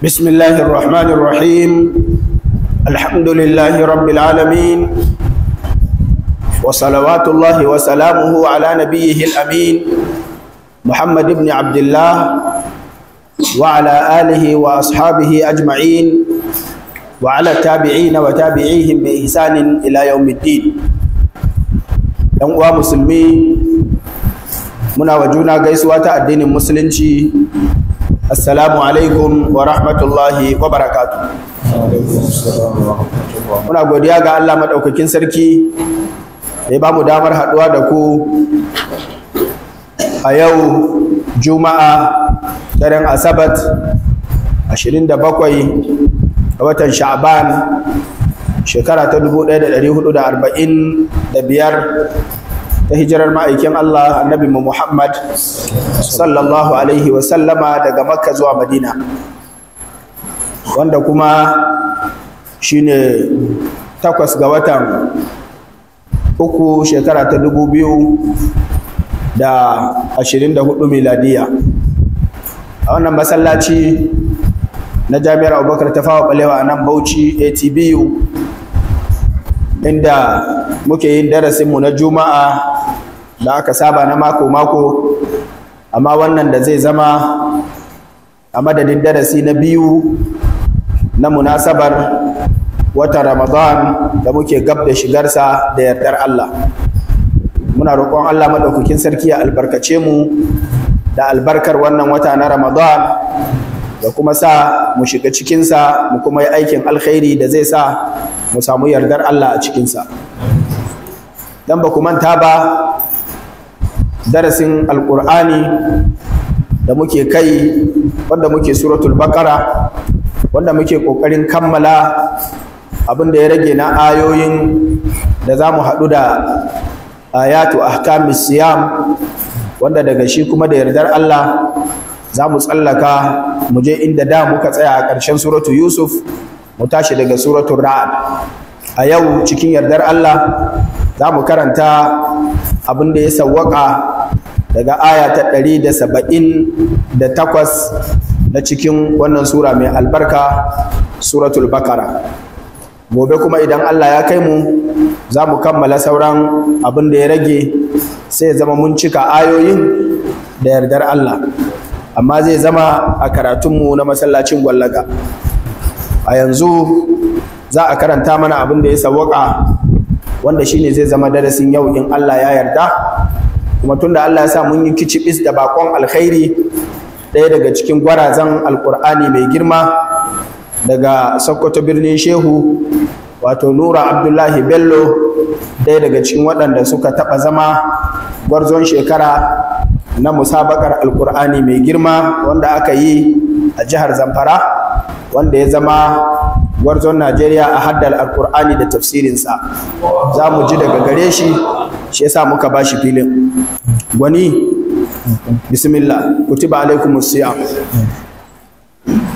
بسم الله الرحمن الرحيم الحمد لله رب العالمين وصلوات الله وسلامه على نبيه الأمين محمد بن عبد الله وعلى آله وأصحابه أجمعين وعلى التابعين وتابعيهم بإحسان إلى يوم الدين ‘yan musulmi muna wa juna gaisuwa ta addinin musulunci assalamu alaikum wa rahmatullahi wa barakatu muna godiya ga Allah maɗaukakin sarki mai ya ba mu damar haɗuwa da ku a yau juma'a daren asabat 27 a watan sha'ban shekara ta 1445 da hijirar ma'aikin Allah annabi Muhammad sallallahu alaihi wasallama daga makka zuwa madina wanda kuma shine takwas ga watan uku shekara ta dubu biyu da ashirin da hudu miladiya a wannan masallaci na jami'ar abubakar ta fawa balewa a nan bauchi atbu inda muke yin darasinmu na juma'a da aka saba na mako-mako amma wannan da zai zama a madadin darasi na biyu na munasabar watan ramadan da muke gab da shigarsa da yardar Allah muna roƙon Allah maɗaukakin sarki ya albarkace mu da albarkar wannan wata na ramadan da kuma sa mu shiga cikinsa mu kuma yi aikin alkhairi da zai sa mu samu yardar Allah a cikinsa don ba ku manta ba darasin Alƙur'ani da muke kai wanda muke suratul bakara wanda muke ƙoƙarin kammala abin da ya rage na ayoyin da za mu haɗu da ayatu ahkamis siyam wanda daga shi kuma da yardar Allah za mu tsallaka mu je inda da muka tsaya a ƙarshen suratu yusuf mu tashi daga suratun ra'ad a yau cikin yardar Allah za mu karanta abin da ya sawwaka daga aya ta ɗari da saba'in da takwas na cikin wannan sura mai albarka suratul bakara gobe kuma idan allah ya kai mu za mu kammala sauran abin da ya rage sai ya zama mun cika ayoyin da yardar allah amma zai zama a karatunmu na masallacin gwallaga a yanzu za a karanta mana abin da ya sawwaka wanda shine zai zama darasin yau in Allah ya yarda kuma tunda Allah ya sa mun yi kicibis da bakon alkhairi ɗaya daga cikin gwarazan alkur'ani mai girma daga sokoto birnin shehu wato nura abdullahi bello ɗaya daga cikin waɗanda suka taɓa zama gwarzon shekara na musabakar alkur'ani mai girma wanda aka yi a jihar zamfara wanda ya zama gwarzon Najeriya a haddal Alkur'ani da tafsirinsa za mu ji daga gare shi shi yasa muka ba shi filin gwani bismillah kutiba alaikum siyam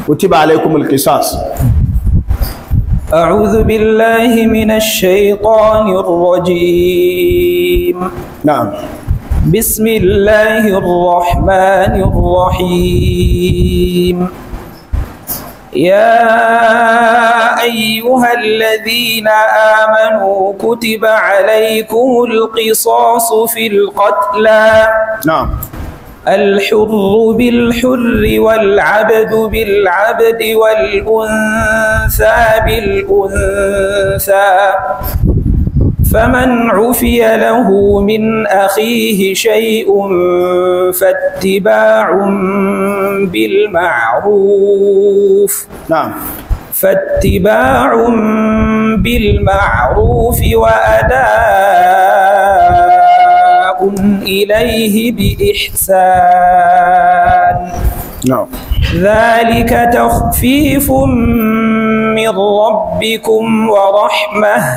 kutiba alaikum alqisas أعوذ بالله من الشيطان الرجيم نعم بسم الله الرحمن الرحيم يا ايها الذين امنوا كتب عليكم القصاص في القتلى نعم الحر بالحر والعبد بالعبد والانثى بالانثى فمن عفي له من أخيه شيء فاتباع بالمعروف نعم فاتباع بالمعروف وأداء إليه بإحسان نعم ذلك تخفيف من ربكم ورحمه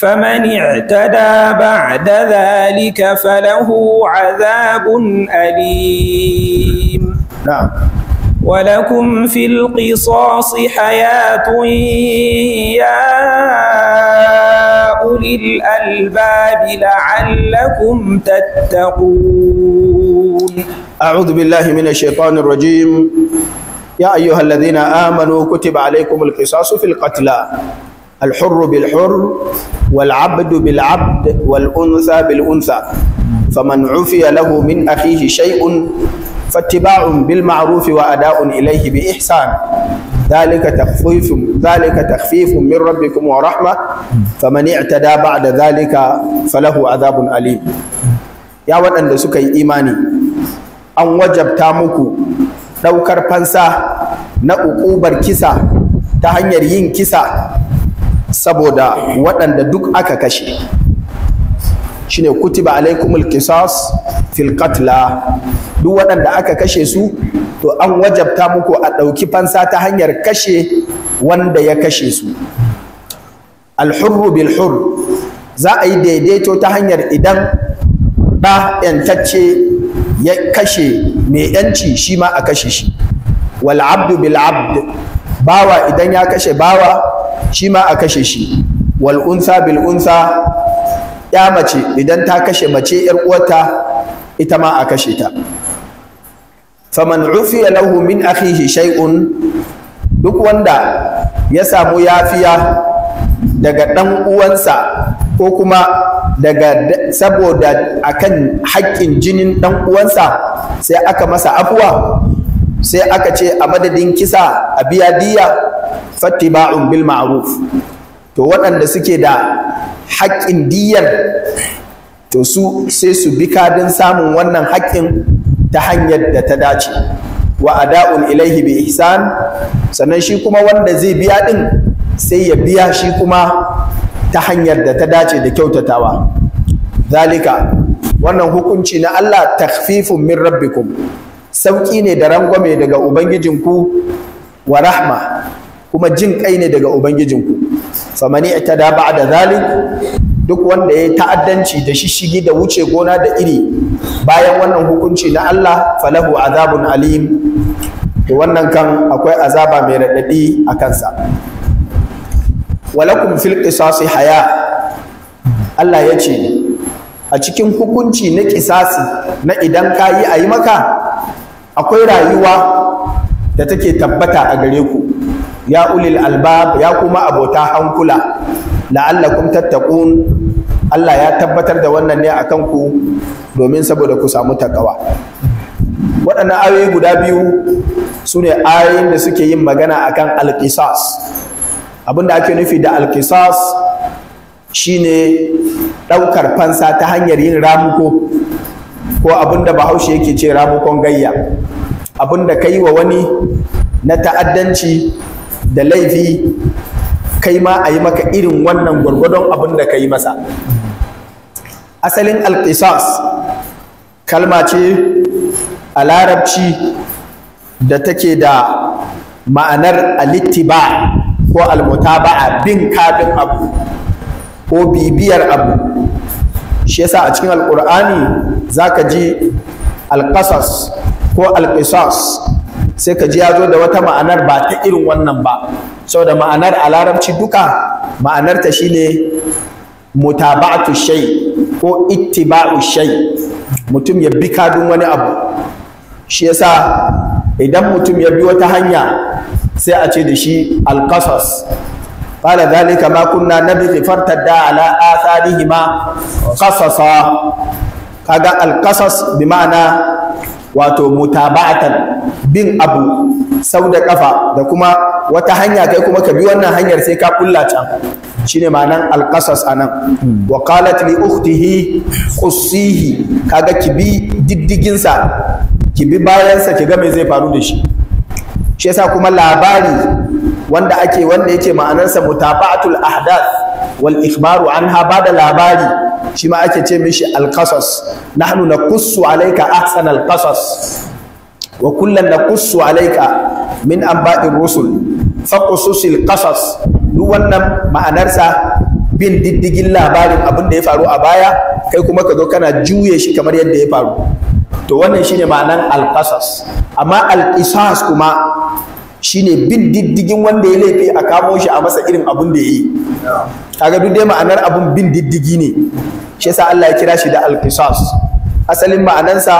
فمن اعتدى بعد ذلك فله عذاب أليم نعم ولكم في القصاص حياة يا أولي الألباب لعلكم تتقون أعوذ بالله من الشيطان الرجيم يا أيها الذين آمنوا كتب عليكم القصاص في القتلى الحر بالحر والعبد بالعبد والأنثى بالأنثى فمن عفي له من أخيه شيء فاتباع بالمعروف وأداء إليه بإحسان ذلك تخفيف ذلك تخفيف من ربكم ورحمة فمن اعتدى بعد ذلك فله عذاب أليم يا ودن سكي إيماني أن وجب تامكو ɗaukar fansa na uƙubar kisa ta hanyar yin kisa saboda waɗanda duk aka kashe shine kutiba alaikumul qisas fil qatla duk waɗanda aka kashe su to an wajabta muku a ɗauki fansa ta hanyar kashe wanda ya kashe su alhurru bil za a yi daidaito ta hanyar idan ɗa ‘yantacce ya kashe mai ‘yanci shi ma a kashe shi wal abdu bil abd bawa idan ya kashe bawa shi ma a kashe shi Wal'unsa unsa ya mace idan ta kashe mace yar uwarta ita ma a kashe ta faman ufiya lahu min akhihi shay'un duk wanda ya samu yafiya daga dan uwansa ko kuma daga saboda kan haƙƙin jinin dan uwansa sai aka masa afuwa sai aka ce a madadin kisa a biya diya fattiba'un bil ma'ruf to waɗanda suke da haƙƙin diyar to su sai su bi kadin samun wannan haƙƙin ta hanyar da ta dace wa ada'un ilaihi bi ihsan sannan shi kuma wanda zai biya din sai ya biya shi kuma ta hanyar da ta dace da kyautatawa zalika wannan hukunci na Allah takhfifun min rabbikum sauki ne da rangwame daga ubangijinku wa rahma kuma jin kai ne daga ubangijinku famani ba da zalik duk wanda ya ta'addanci da shishigi da wuce gona da iri bayan wannan hukunci na Allah falahu azabun alim to wannan kan akwai azaba mai raɗaɗi a kansa walakum fil qisasi haya Allah ya ce a cikin hukunci na kisasi na idan ka yi a yi maka akwai rayuwa da take tabbata a gare ku ya ulil albab ya kuma abota hankula la'allakum tattaqun Allah ya tabbatar da wannan ne akan ku domin saboda ku samu takawa waɗannan ayoyi guda biyu su ne ayoyin da suke yin magana akan alkisas. abin da ake nufi da alkisas shine ɗaukar fansa ta hanyar yin ramuko ko abin da bahaushe yake ce ramukon gayya abin da ka yi wa wani na ta'addanci da laifi kai ma a yi maka irin wannan gwargwadon abin da ka yi masa asalin alkisas kalma ce a larabci da take da ma'anar alittiba ko almuta ba a bin kafin abu ko bibiyar abu shi yasa a cikin alƙur'ani za ka ji alƙasas ko alƙisas sai ka ji ya zo da wata ma'anar ba ta irin wannan ba saboda ma'anar a larabci duka ma'anar ta shine mutaba'atu shay ko ittiba'u shay mutum ya bi kadun wani abu shi yasa idan mutum ya bi wata hanya sai a ce da shi alqasas قال ذلك ما كنا نبغي فارتدا على آثارهما قصصا alkasas القصص ma'ana. wato mutaba'atan bin abu sau da kafa da kuma wata hanya kai kuma ka bi wannan hanyar sai ka kulla can shine ma'anan alƙasas anan wa qalat li ukhtihi qussihi kaga ki bi diddiginsa ki bi bayansa ki ga me zai faru da shi shi yasa kuma labari wanda ake wanda yake ma'anarsa mutaba'atul ahdath wal ikhbaru anha da labari shi ma ake ce mishi alqasas nahnu naqussu alaika ahsan alkasas wa kullan naqussu alaika min an anba'ir rusul faqussus alqasas duk wannan ma'anarsa bin diddigin labarin abin da ya faru a baya kai kuma ka zo kana juye shi kamar yadda ya faru to wannan shine ma'anan alkasas amma alkisas kuma shine bin diddigin wanda ya laifi a kamo shi a masa irin abin da ya yi kaga duk dai ma'anar abun bin diddigi ne shi yasa Allah ya kira shi da al-qisas asalin ma'anansa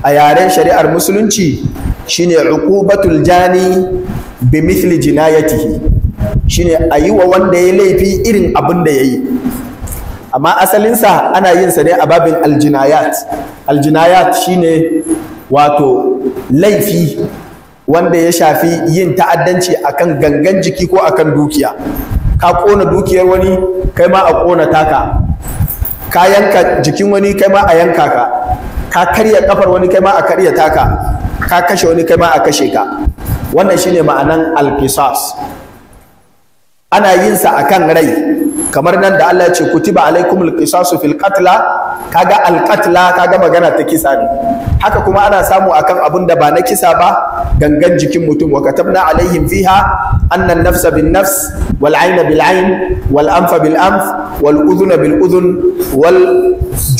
a yaren shari'ar musulunci shine uqubatul jani bi mithli jinayatihi shine ayi wa wanda ya laifi irin abun da yayi amma asalinsa ana yin sa ne a babin aljinayat aljinayat shine wato laifi wanda ya shafi yin ta'addanci akan gangan jiki ko akan dukiya ka ƙona dukiyar wani kai ma a kona taka ka yanka jikin wani kai ma a yanka ka ka karya kafar wani kai ma a karya taka ka kashe wani kai ma a kashe ka wannan shine ma'anan alkisas ana yin sa akan rai kamar nan da Allah ya ce kutiba alaikumul qisasu fil qatla kaga al qatla kaga magana ta kisa ne haka kuma ana samu akan abun da ba na kisa ba gangan jikin mutum wa katabna alaihim fiha anna an-nafsa bin nafs wal ayna bil ayn wal anfa bil anf wal udhuna bil udhun wal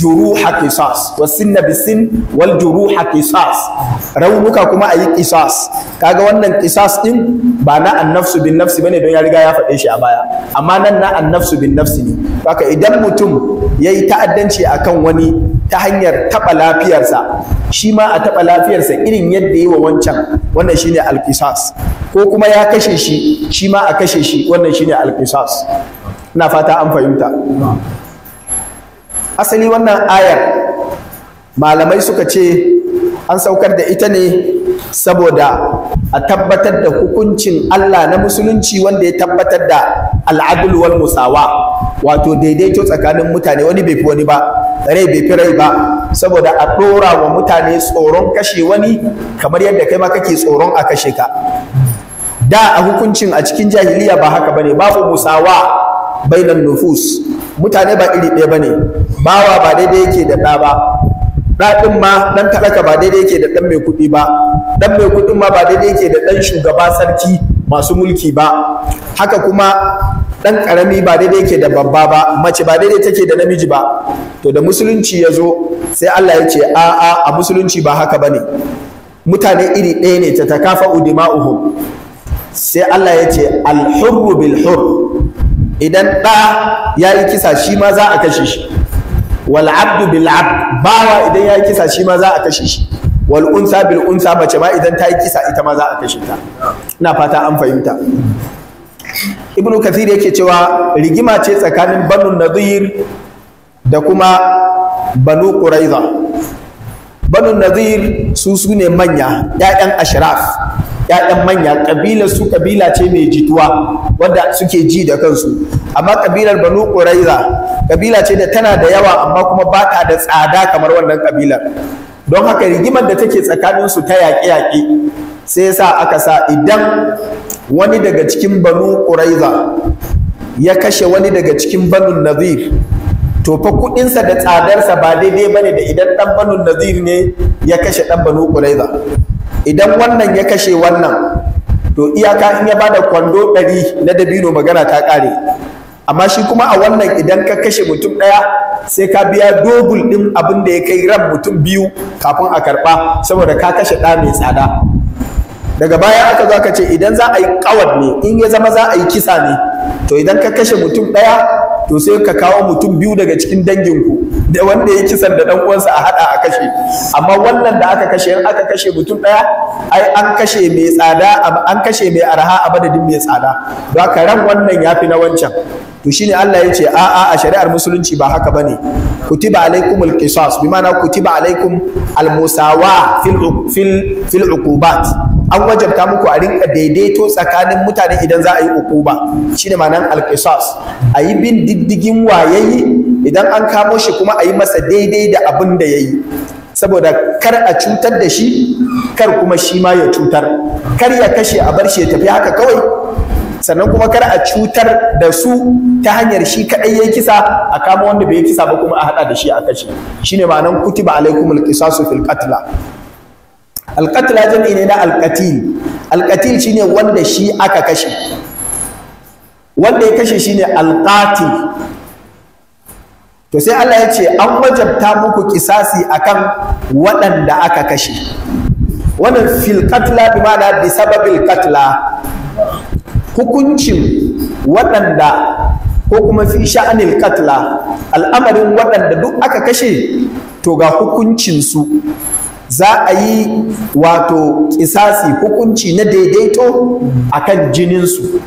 juruha qisas was sinna bis sin wal juruha qisas raunuka kuma ayi qisas kaga wannan qisas din ba na an-nafsu bin nafs bane don ya riga ya faɗe shi a baya amma nan na an-nafsu bin nafsi ne haka idan mutum ya yi ta'addanci akan wani ta hanyar taɓa lafiyarsa shi ma a taɓa lafiyarsa irin yadda yi wa wancan wannan shine alkisas ko kuma ya kashe shi shi ma a kashe shi wannan shine alkisas ina fata an fahimta asali wannan ayar malamai suka ce an saukar da ita ne saboda a tabbatar da hukuncin Allah na musulunci wanda ya tabbatar da al'adul wal musawa wato daidaito tsakanin mutane wani bai fi wani ba rai bai fi rai ba saboda a ɗora wa mutane tsoron kashe wani kamar yadda kai ma kake tsoron a kashe ka da a hukuncin a cikin jahiliya ba haka bane babu musawa bainan nufus mutane ba iri ɗaya bane bawa ba daidai yake da ɗa ba ɗaɗin ma ɗan talaka ba daidai yake da ɗan mai kuɗi ba ɗan mai kuɗin ma ba daidai yake da ɗan shugaba sarki masu mulki ba haka kuma ɗan ƙarami ba daidai yake da babba ba mace ba daidai take da namiji ba to da musulunci ya zo sai Allah ya ce a a a musulunci ba haka bane mutane iri ɗaya ne ta takafa udima'uhum sai Allah ya ce alhurru bil hur idan ɗa ya yi kisa shi ma za a kashe shi wal abdu bil abd bawa idan ya kisa shi ma za a kashe shi wal unsa bil unsa mace ma idan ta yi kisa ita ma za a kashe ta ina fata an fahimta ibnu kathir yake cewa rigima ce tsakanin banu nadir da kuma banu quraiza banu nadir su su ne manya 'ya'yan ashraf 'ya'yan manya kabilar su kabila ce mai jituwa wanda suke ji da kansu amma kabilar banu quraiza kabila ce da tana da yawa amma kuma ba ta da tsada kamar wannan kabilar don haka rigimar da take tsakanin su ta yaƙe-yaƙe sai sa aka sa idan wani daga cikin banu ƙuraiza ya kashe wani daga cikin banu nazir to fa kuɗinsa da tsadarsa ba daidai bane da idan ɗan banu nazir ne ya kashe ɗan banu ƙuraiza idan wannan ya kashe wannan to iyaka in ya bada kwando ɗari na dabino magana ta ƙare amma shi kuma a wannan idan ka kashe mutum ɗaya sai ka biya dogul ɗin abin da ya kai ran mutum biyu kafin a karɓa saboda ka kashe ɗa mai tsada daga baya aka zo aka ce idan za a yi kawar ne in ya zama za a yi kisa ne to idan ka kashe mutum ɗaya to sai ka kawo mutum biyu daga cikin danginku da wanda ya kisan da ɗan uwansa a haɗa a kashe amma wannan da aka kashe in aka kashe mutum ɗaya ai an kashe mai tsada an kashe mai arha a madadin mai tsada don haka ran wannan ya fi na wancan to shine Allah ya ce a'a a shari'ar musulunci ba haka bane kutiba alaikumul qisas bi ma'ana kutiba alaikum almusawa fil fil fil uqubat an wajabta muku a rinka daidaito tsakanin mutane idan za a yi uquba shine ma'anan alqisas ayi bin diddigin wayayi idan an kamo shi kuma a yi masa daidai da abin da yayi saboda kar a cutar da shi kar kuma shi ma ya cutar kar ya kashe a bar shi ya tafi haka kawai sannan kuma kar a cutar da su ta hanyar shi kadai yayi kisa a kama wanda bai kisa ba kuma a haɗa da shi a kashe shine ma'anan kutiba alaikumul qisasu fil qatla al qatla jam'i ne na al qatil al qatil wanda shi aka kashe wanda ya kashe shine al qatil to sai Allah ya ce an wajabta muku kisasi akan waɗanda aka kashe wannan fil qatla bi ma'ana bi sababil qatla hukuncin waɗanda ko kuma fi sha'anil katla al'amarin waɗanda duk aka kashe to ga hukuncinsu za a yi wato kisasi hukunci na daidaito a kan jininsu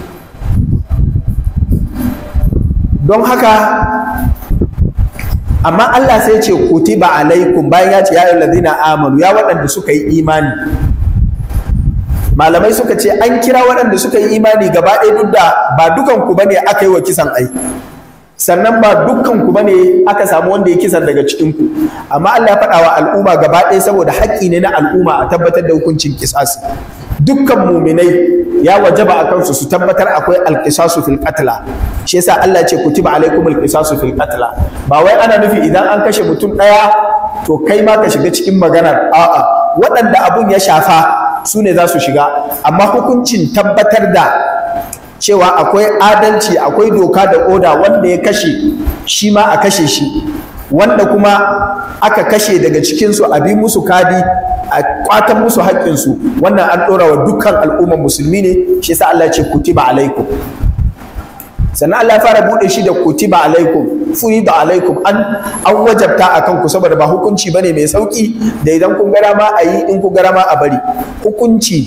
don haka amma Allah sai ce kutiba alaikum bayan ya ce ya yi amanu ya waɗanda suka yi imani malamai suka ce an kira waɗanda suka yi imani gaba ɗaya duk da ba dukanku bane aka yi wa kisan ai sannan ba dukkanku bane aka samu wanda ya kisan daga cikinku amma Allah ya faɗa wa al'umma gaba ɗaya saboda haƙƙi ne na al'umma a tabbatar da hukuncin kisas dukkan muminai ya wajaba a kansu su tabbatar akwai alkisasu fil qatla shi yasa Allah ce kutiba alaikum alqisasu fil qatla ba wai ana nufi idan an kashe mutum ɗaya to kai ma ka shiga cikin maganar a'a waɗanda abun ya shafa su ne za su shiga amma hukuncin tabbatar da cewa akwai adalci akwai doka da oda wanda ya kashe shi ma a kashe shi wanda kuma aka kashe daga cikinsu a bi musu kadi a kwatan musu haƙƙinsu wannan an ɗora wa dukkan al'ummar musulmi ne shi sa Allah ya ce kutiba alaikum sannan Allah ya fara buɗe shi da kutiba alaikum furida alaikum an an wajabta a kanku saboda ba hukunci ba ne mai sauki da idan kun gara ma a yi in kun gara ma a bari hukunci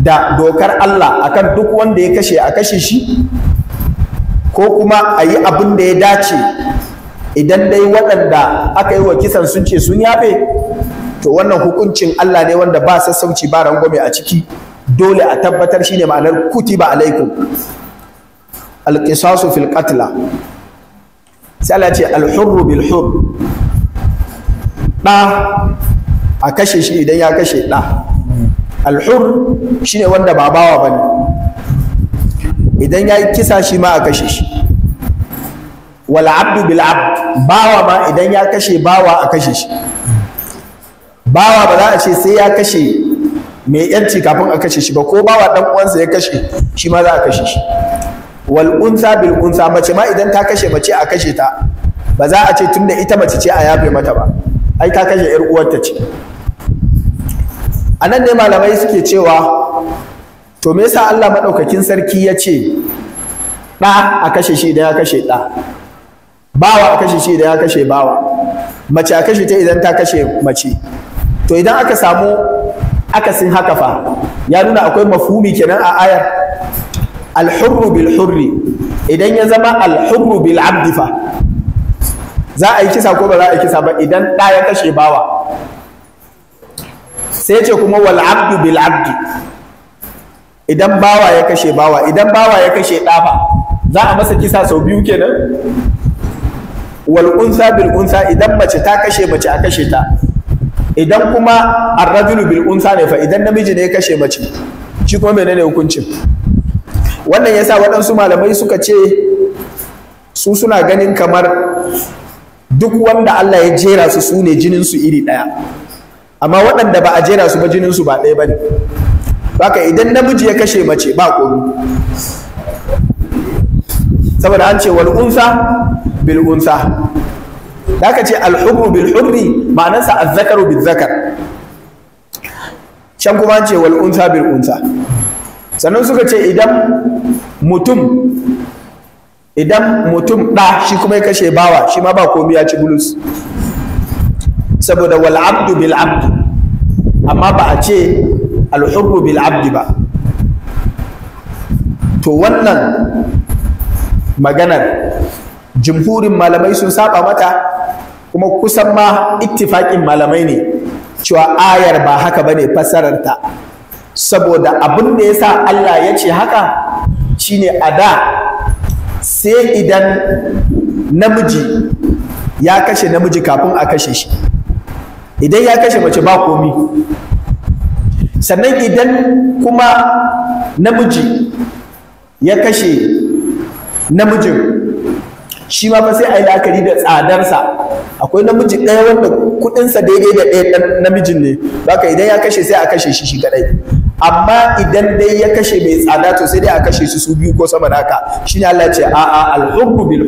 da dokar Allah akan duk wanda ya kashe a kashe shi ko kuma a yi abin da ya dace idan dai waɗanda aka yi wa kisan sun ce sun yafe to wannan hukuncin Allah ne wanda ba sassauci ba rangwame a ciki dole a tabbatar shi ne ma'anar kutiba alaikum alƙisasu fil qatla sai Allah ce alhurru bil hur da a kashe shi idan ya kashe da alhur shine wanda ba bawa bane idan ya kisa shi ma a kashe shi wal abdu bil abd bawa ma idan ya kashe bawa a kashe shi bawa ba za a ce sai ya kashe mai yanci kafin a kashe shi ba ko bawa dan uwansa ya kashe shi ma za a kashe shi wal unsa bil unsa mace ma idan ta kashe mace a kashe ta ba za a ce tunda ita mace ce a yafe mata ba ai ta kashe yar uwarta ce anan ne malamai suke cewa to me yasa Allah madaukakin sarki ya ce ɗa a kashe shi idan ya kashe ɗa bawa a kashe shi idan ya kashe bawa mace a kashe ta idan ta kashe mace to idan aka samu akasin haka fa ya nuna akwai mafhumi kenan a ayar alhurru bil hurri idan ya zama alhurru bil abdi fa za a yi kisa ko ba za a yi kisa ba idan ɗa ya kashe bawa sai ce kuma wal abdu bil abdi idan bawa ya kashe bawa idan bawa ya kashe ɗa fa za a masa kisa sau biyu kenan wal unsa bil unsa idan mace ta kashe mace a kashe ta idan kuma arrajulu bil unsa ne fa idan namiji ne ya kashe mace shi kuma menene hukuncin wannan yasa waɗansu malamai suka ce su suna ganin kamar duk wanda Allah ya jera su su ne jininsu iri ɗaya amma waɗanda ba a jera su ba jininsu ba ɗaya ba ne idan namiji ya kashe mace ba komi saboda an ce wal unsa bil unsa da aka ce al hurru bil hurri ma'anarsa az zakaru bil zakar can kuma an ce wal unsa bil unsa sannan suka ce idan mutum idan mutum ɗa shi kuma ya kashe bawa shi ma ba komi ya ci bulus saboda wal abdu bil amma ba a ce al ba to wannan maganar jumhurin malamai sun saba mata kuma kusan ma ittifaƙin malamai ne cewa ayar ba haka bane fassararta saboda abin da ya sa Allah ya ce haka shine a da sai idan namiji ya kashe namiji kafin a kashe shi idan ya kashe mace ba komi sannan idan kuma namiji ya kashe namijin shi ma fa sai a yi la'akari da tsadarsa akwai namiji ɗaya wanda kuɗinsa daidai da ɗaya namijin ne ba ka idan ya kashe sai a kashe shi shi kaɗai. amma idan dai ya kashe mai tsada to sai dai a kashe su su biyu ko sama da haka ne Allah ya ce a a al-hurru bil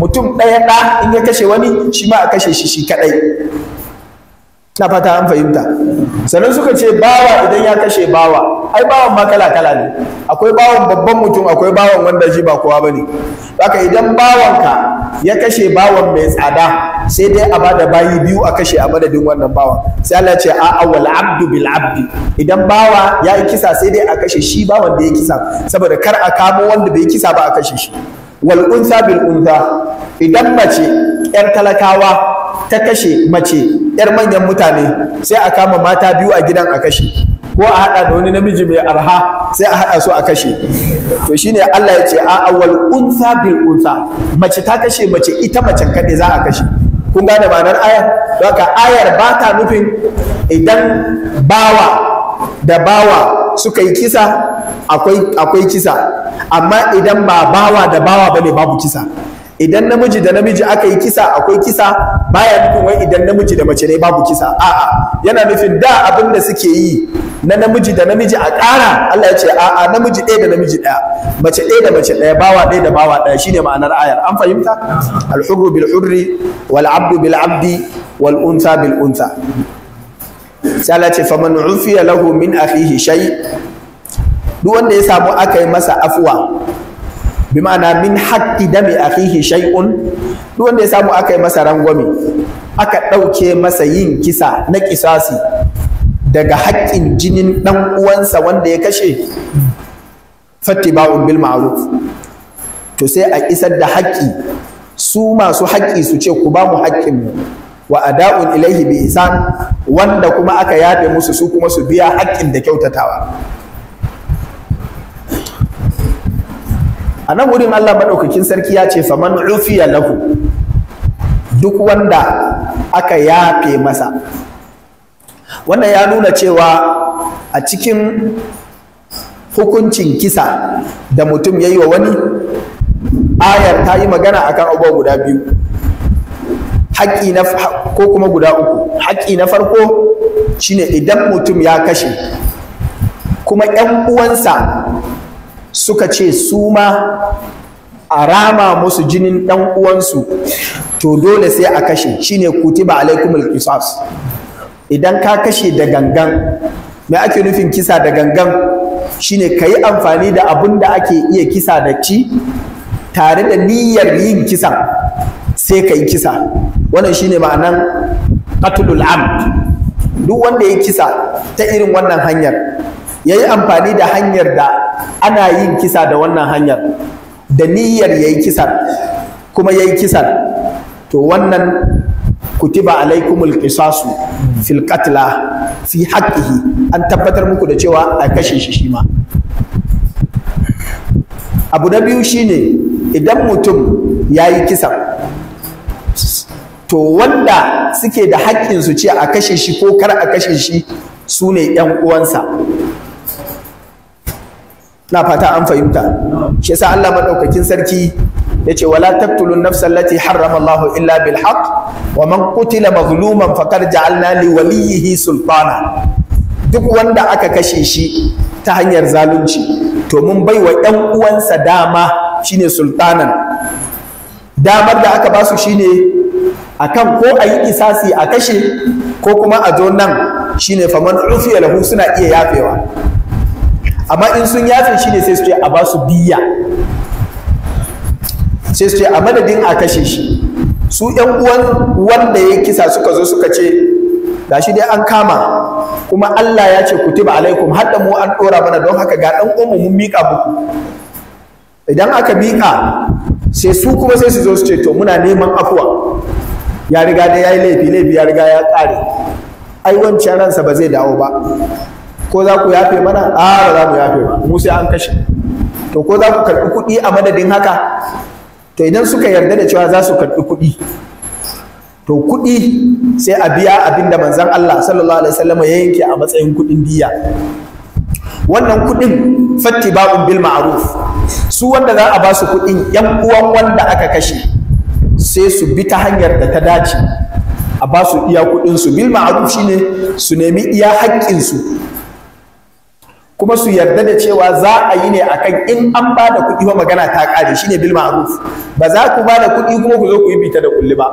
mutum ɗaya ɗa in ya kashe wani shi ma a kashe shi shi kaɗai." na fata an fahimta sannan suka ce bawa idan ya kashe bawa ai bawan ma kala kala ne akwai bawan babban mutum akwai bawan wanda shi ba kowa bane haka idan bawanka ya kashe bawan mai tsada sai dai a bada bayi biyu a kashe a madadin wannan bawan sai Allah ce a awwal abdu bil abdi idan bawa ya yi kisa sai dai a kashe shi bawan da ya kisa saboda kar a kamo wanda bai kisa ba a kashe shi wal unsa bil unsa idan mace yar talakawa ta kashe mace yar manyan mutane sai a kama mata biyu a gidan a kashe ko a haɗa da wani namiji mai arha sai a haɗa su a kashe to shine Allah ya ce a awal unsa bil unsa mace ta kashe mace ita mace kaɗai za a kashe kun gane ma'anar ayar haka ayar ba ta nufin idan bawa da bawa suka yi kisa akwai kisa amma idan ba bawa da bawa bane babu kisa idan namiji da namiji aka yi kisa akwai kisa baya nufin wai idan namiji da mace ne babu kisa a'a yana nufin da abin da suke yi na namiji da namiji a ƙara Allah ya ce a'a namiji ɗaya da namiji ɗaya mace ɗaya da mace ɗaya bawa ɗaya da bawa ɗaya shine ma'anar ayar an fahimta al-hurru bil hurri wal abdu bil abdi wal unsa bil unsa sai Allah ce faman ufiya lahu min akhihi shay duk wanda ya samu aka yi masa afwa bi ma'ana min haqqi dami akhihi shay'un duk wanda ya samu aka masa rangwame aka ɗauke masa yin kisa na kisasi daga haƙƙin jinin ɗan uwansa wanda ya kashe fattiba'un bil ma'ruf to sai a isar da haƙƙi su masu haƙƙi su ce ku ba mu haƙƙin mu, wa ada'un ilaihi bi isan wanda kuma aka yafe musu su kuma su biya haƙƙin da kyautatawa a nan wurin Allah maɗaukakin sarki ya ce faman ufiya lahu duk wanda aka yafe masa wannan ya nuna cewa a cikin hukuncin kisa da mutum ya yi wa wani ayar ta yi magana akan abubuwa guda biyu haƙƙi na ko kuma guda uku haƙƙi na farko shine idan mutum ya kashe kuma 'yan uwansa suka ce su ma a rama musu jinin ɗan uwansu to dole sai a kashe shine kutiba alaikumul qisas idan ka kashe da gangan me ake nufin kisa da gangan shine ka yi amfani da abun da ake iya kisa da ci tare da niyyar yin kisan sai ka yi kisa wannan shine ma'anan qatlul amd duk wanda ya kisa ta irin wannan hanyar ya yi amfani da hanyar da ana yin kisa da wannan hanyar da niyyar ya yi kisar kuma ya yi kisar, to wannan kutiba alaikumul qisasu fil qatla fi haqqihi an tabbatar muku da cewa a kashe shi shi ma abu na biyu shine idan mutum ya yi kisar, to wanda suke da haƙƙin su ce a kashe shi ko kar a kashe shi su ne ‘yan uwansa na fata an fahimta shi yasa Allah madaukakin sarki yace wala taqtulun nafsal lati harrama Allah illa bil haqq wa man qutila mazluman faqad ja'alna li waliyhi sultana duk wanda aka kashe shi ta hanyar zalunci to mun bai wa ɗan uwansa dama shine sultanan damar da aka basu shine akan ko ayi yi isasi a kashe ko kuma a zo nan shine faman ufiya lahu suna iya yafewa amma in sun yafe shi ne sai su ce a ba su biya sai su ce a madadin a kashe shi su yan uwan wanda ya kisa suka zo suka ce shi dai an kama kuma Allah ya ce kutiba alaikum har da mu an dora mana don haka ga dan uwan mun mika muku idan aka mika sai su kuma sai su zo su ce to muna neman afuwa ya riga da ya yi laifi laifi ya riga ya kare ai wancan ransa ba zai dawo ba ko za ku yafe mana a ba za mu yafe ba mu sai an kashe to ko za ku karɓi kuɗi a madadin haka to idan suka yarda da cewa za su karɓi kuɗi to kuɗi sai a biya abinda da manzon Allah sallallahu alaihi wasallam ya yanke a matsayin kuɗin diya wannan kuɗin fatti ba'un bil ma'ruf su wanda za a ba su kuɗin yan uwan wanda aka kashe sai su bi ta hanyar da ta dace a ba su iya kuɗinsu bil ma'ruf shine su nemi iya haƙƙinsu kuma su yarda da cewa za a yi ne akan in an ba da kuɗi ba magana ta ƙare shi ne bil aruf ba za ku ba da kuɗi kuma ku zo ku yi bita da kulli ba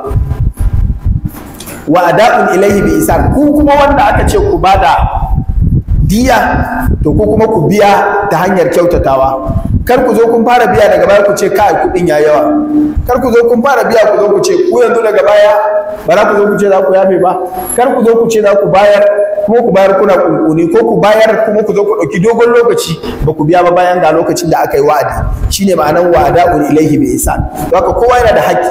wa ada'un ilayhi bi isan ku kuma wanda aka ce ku ba da diya to ku kuma ku biya ta hanyar kyautatawa kar ku zo kun fara biya daga baya ku ce kai kuɗin ya yawa kar ku zo kun fara biya ku zo ku ce ku yanzu daga baya ba za ku zo ku ce za ku yafe ba kar ku zo ku ce za ku bayar kuma ku bayar kuna kunkuni ko ku bayar kuma ku zo ku ɗauki dogon lokaci ba ku biya ba bayan ga lokacin da aka yi wa'adi shine ma'anan wa'ada ul ilaihi bi ihsan haka kowa yana da haƙƙi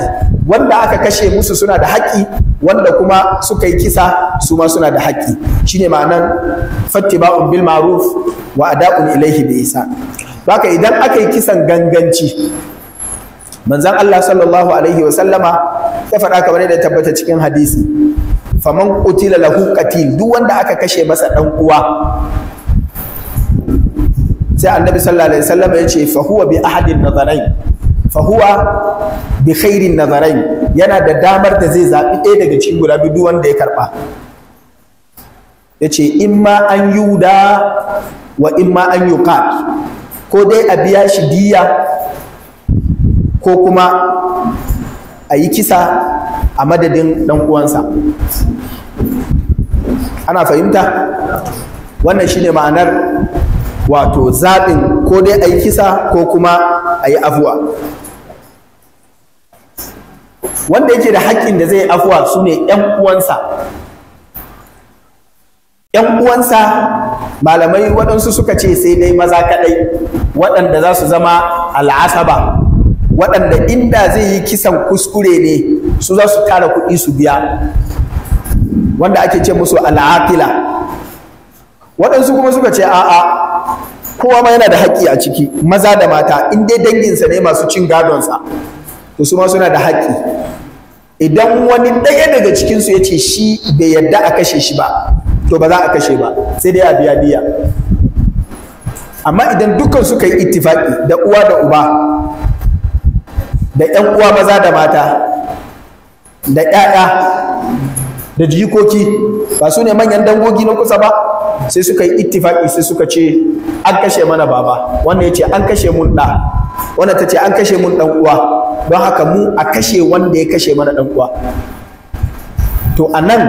wanda aka kashe musu suna da haƙƙi wanda kuma suka yi kisa su ma suna da haƙƙi shine ma'anan fattiba'un bil ma'ruf wa ilaihi bi ihsan haka idan aka yi kisan ganganci manzon Allah sallallahu alaihi wa sallama ya faɗa kamar da tabbata cikin hadisi faman kutila lahu katil duk wanda aka kashe masa dan uwa sai annabi sallallahu alaihi wasallam ya ce fa huwa bi ahadin nazarai fa huwa bi khairin nazarai yana da damar da zai zabi ɗaya daga cikin guda biyu duk wanda ya karba yace imma an yuda wa imma an yuqat ko dai a biya shi diya ko kuma a yi kisa a madadin ɗan uwansa ana fahimta wannan shine ma'anar wato zaɓin ko dai a yi kisa ko kuma a yi afuwa wanda yake da haƙƙin da zai yi afuwa su ne ‘yan uwansa ‘yan uwansa malamai waɗansu suka ce sai dai maza kaɗai waɗanda za su zama al'asaba waɗanda inda zai yi kisan kuskure ne su za su tara kuɗi su biya wanda ake ce musu al'aqila waɗansu kuma suka ce a'a kowa ma yana da haƙƙi a ciki maza da mata in dai danginsa ne masu cin gadonsa to su ma suna da haƙƙi idan wani ɗaya daga cikinsu ya ce shi bai yarda a kashe shi ba to ba za a kashe ba sai dai a biya biya amma idan dukkan suka yi ittifaƙi da uwa da uba da 'yan uwa maza da mata da ƴaƴa da jikoki ba su ne manyan dangogi na kusa ba sai suka yi ittifaki sai suka ce an kashe mana baba wannan ya ce an kashe mun ɗa wannan ta ce an kashe mun ɗan uwa don haka mu a kashe wanda ya kashe mana ɗan uwa to a nan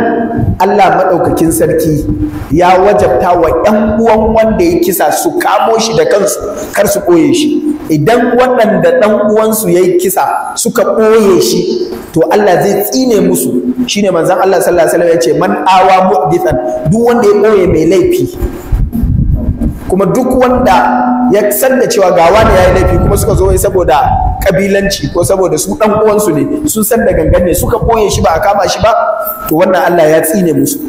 Allah maɗaukakin sarki ya wajabta wa ‘yan uwan wanda ya kisa su kamo shi da kansu kar su ɓoye shi idan waɗanda ɗan uwansu ya yi kisa suka ɓoye shi to Allah zai tsine musu shine manzon Allah sallallahu alaihi wasallam ya ce man awa mu'dithan duk wanda ya ɓoye mai laifi kuma duk wanda ya san da cewa ga wani yayi laifi kuma suka zo saboda kabilanci ko saboda su dan uwansu ne sun san da gangan ne suka boye shi ba a kama shi ba to wannan Allah ya tsine musu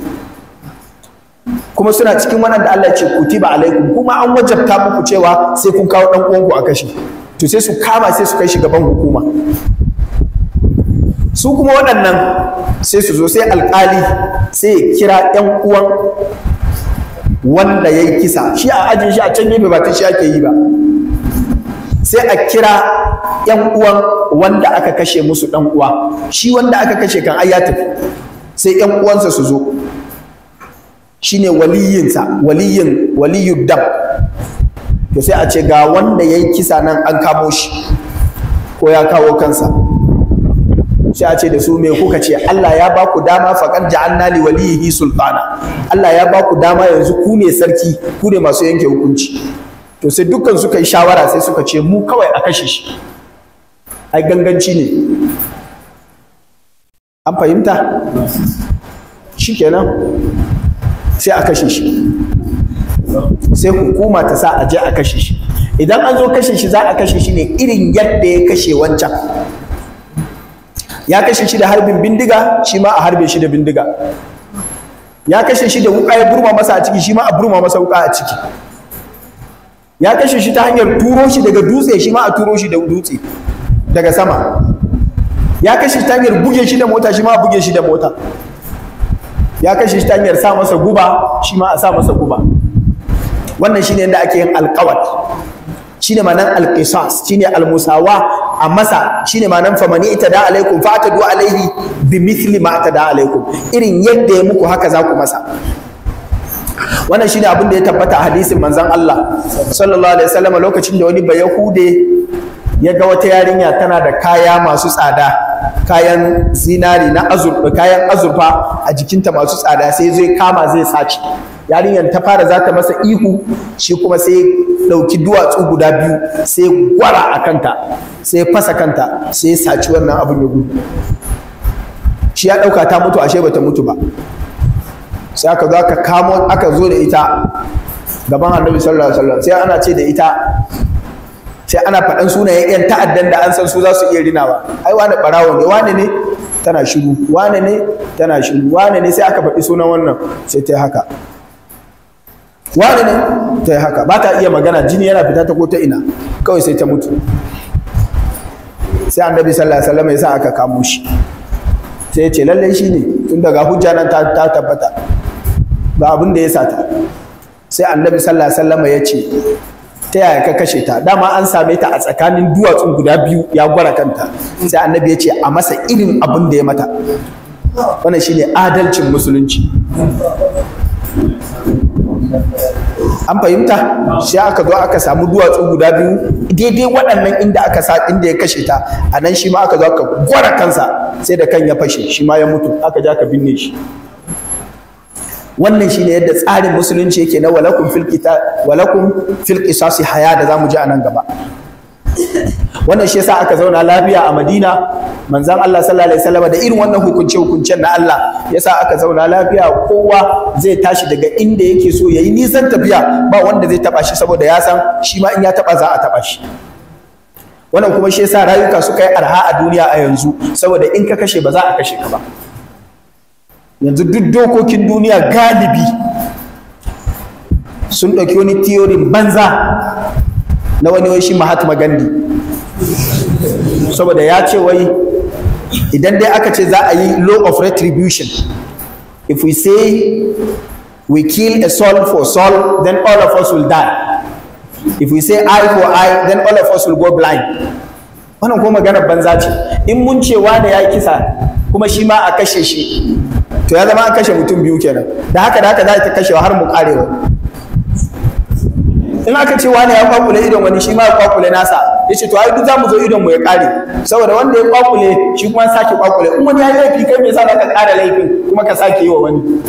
kuma suna cikin wannan da Allah ya ce kutiba alaikum kuma an wajabta muku cewa sai kun kawo dan uwanku a kashi to sai su kama sai su kai shi gaban hukuma su kuma waɗannan sai su zo sai alƙali sai kira 'yan uwan wanda ya yi kisa shi a ajin shi a can gefe ba ta shi ake yi ba sai a kira yan uwan wanda aka kashe musu dan uwa shi wanda aka kashe kan ai ya tafi sai yan uwansa su zo shine waliyinsa waliyin waliyu dam to sai a ce ga wanda ya yi kisa nan an kamo shi ko ya kawo kansa sai a ce da su me kuka ce Allah ya ba ku dama faqad ja'alna li walihi sultana Allah ya ba ku dama yanzu ku ne sarki ku ne masu yanke hukunci to sai dukkan suka yi shawara sai suka ce mu kawai a kashe shi ai ganganci ne an fahimta shikenan sai a kashe shi sai hukuma ta sa a je a kashe shi idan an zo kashe shi za a kashe shi ne irin yadda ya kashe wancan ya kashe shi da harbin bindiga shi ma a harbe shi da bindiga ya kashe shi da wuka ya burma masa a ciki shi ma a burma masa wuka a ciki ya kashe shi ta hanyar turo shi daga dutse shi ma a turo shi da dutse daga sama ya kashe shi ta hanyar buge shi da mota shi ma a buge shi da mota ya kashe shi ta hanyar sa masa guba shi ma a sa masa guba wannan shine yadda ake yin alƙawari. shine ma'anan al-qisas shine al-musawa a masa shine ma'anar famani itada alaikum fa atadu alaihi bi mithli ma da alaikum irin yadda ya muku haka za ku masa wannan shine abin da ya tabbata a hadisin manzon Allah sallallahu alaihi wasallam lokacin da wani bayahude ya ga wata yarinya tana da kaya masu tsada kayan zinari na azurfa kayan azurfa a jikinta masu tsada sai zai kama zai sace yarinyar ta fara za ta masa ihu shi kuma sai ɗauki duwatsu guda biyu sai gwara a kanta sai fasa kanta sai saci wannan abin ya gudu shi ya ɗauka ta mutu ashe bata mutu ba sai aka zo aka kamo aka zo da ita gaban annabi sallallahu alaihi wasallam sai ana ce da ita sai ana faɗan sunayen yan ta'addan da an san su za su iya rinawa ai wani barawo ne wani ne tana shiru wani ne tana shiru wani ne sai aka faɗi sunan wannan sai ta haka wani ne ta yi haka ba ta iya magana jini yana fita ta ko ta ina kawai sai ta mutu sai annabi sallallahu alaihi wasallam ya sa aka kamo shi sai ya ce lallai shi ne tun daga hujja nan ta tabbata ba abin da ya sata sai annabi sallallahu alaihi wasallam ya ce ta yaya ka kashe ta dama an same ta a tsakanin duwatsun guda biyu ya gwara kanta sai annabi ya ce a masa irin abin da ya mata wannan shine adalcin musulunci an fahimta shi aka zo aka samu duwatsu guda biyu daidai waɗannan inda aka sa inda ya kashe ta a nan shi ma aka zo aka gwara kansa sai da kan ya fashe shi ma ya mutu aka ja ka binne shi wannan shine yadda tsarin musulunci yake na walakun fil qisasi haya da zamu ji a nan gaba wannan shi yasa aka zauna lafiya a Madina manzon Allah sallallahu alaihi wasallam da irin wannan hukunce hukuncen na Allah yasa aka zauna lafiya kowa zai tashi daga inda yake so yayi nisan tafiya ba wanda zai taba shi saboda ya san shi ma in ya taba za a taba shi wannan kuma shi yasa rayuka suka yi arha a duniya a yanzu saboda in ka kashe ba za a kashe ka ba yanzu duk dokokin duniya galibi sun ɗauki wani tiyorin banza na wani wai shi Mahatma Gandhi saboda ya ce wai idan dai aka ce za a yi law of retribution if we say we kill a soul for soul then all of us will die if we say eye for eye then all of us will go blind wannan ko maganar banza ce in mun ce wane ya yi kisa kuma shi ma a kashe shi to ya zama an kashe mutum biyu kenan da haka da haka za ta kashewa har mu karewa in aka ce wani ya kwakule idon wani shi ma ya kwakule nasa ya ce to ai duk zamu zo idon mu ya kare saboda wanda ya kwakule shi kuma sake kwakule in wani ya laifi kai me yasa ka kara laifin kuma ka sake yi wa wani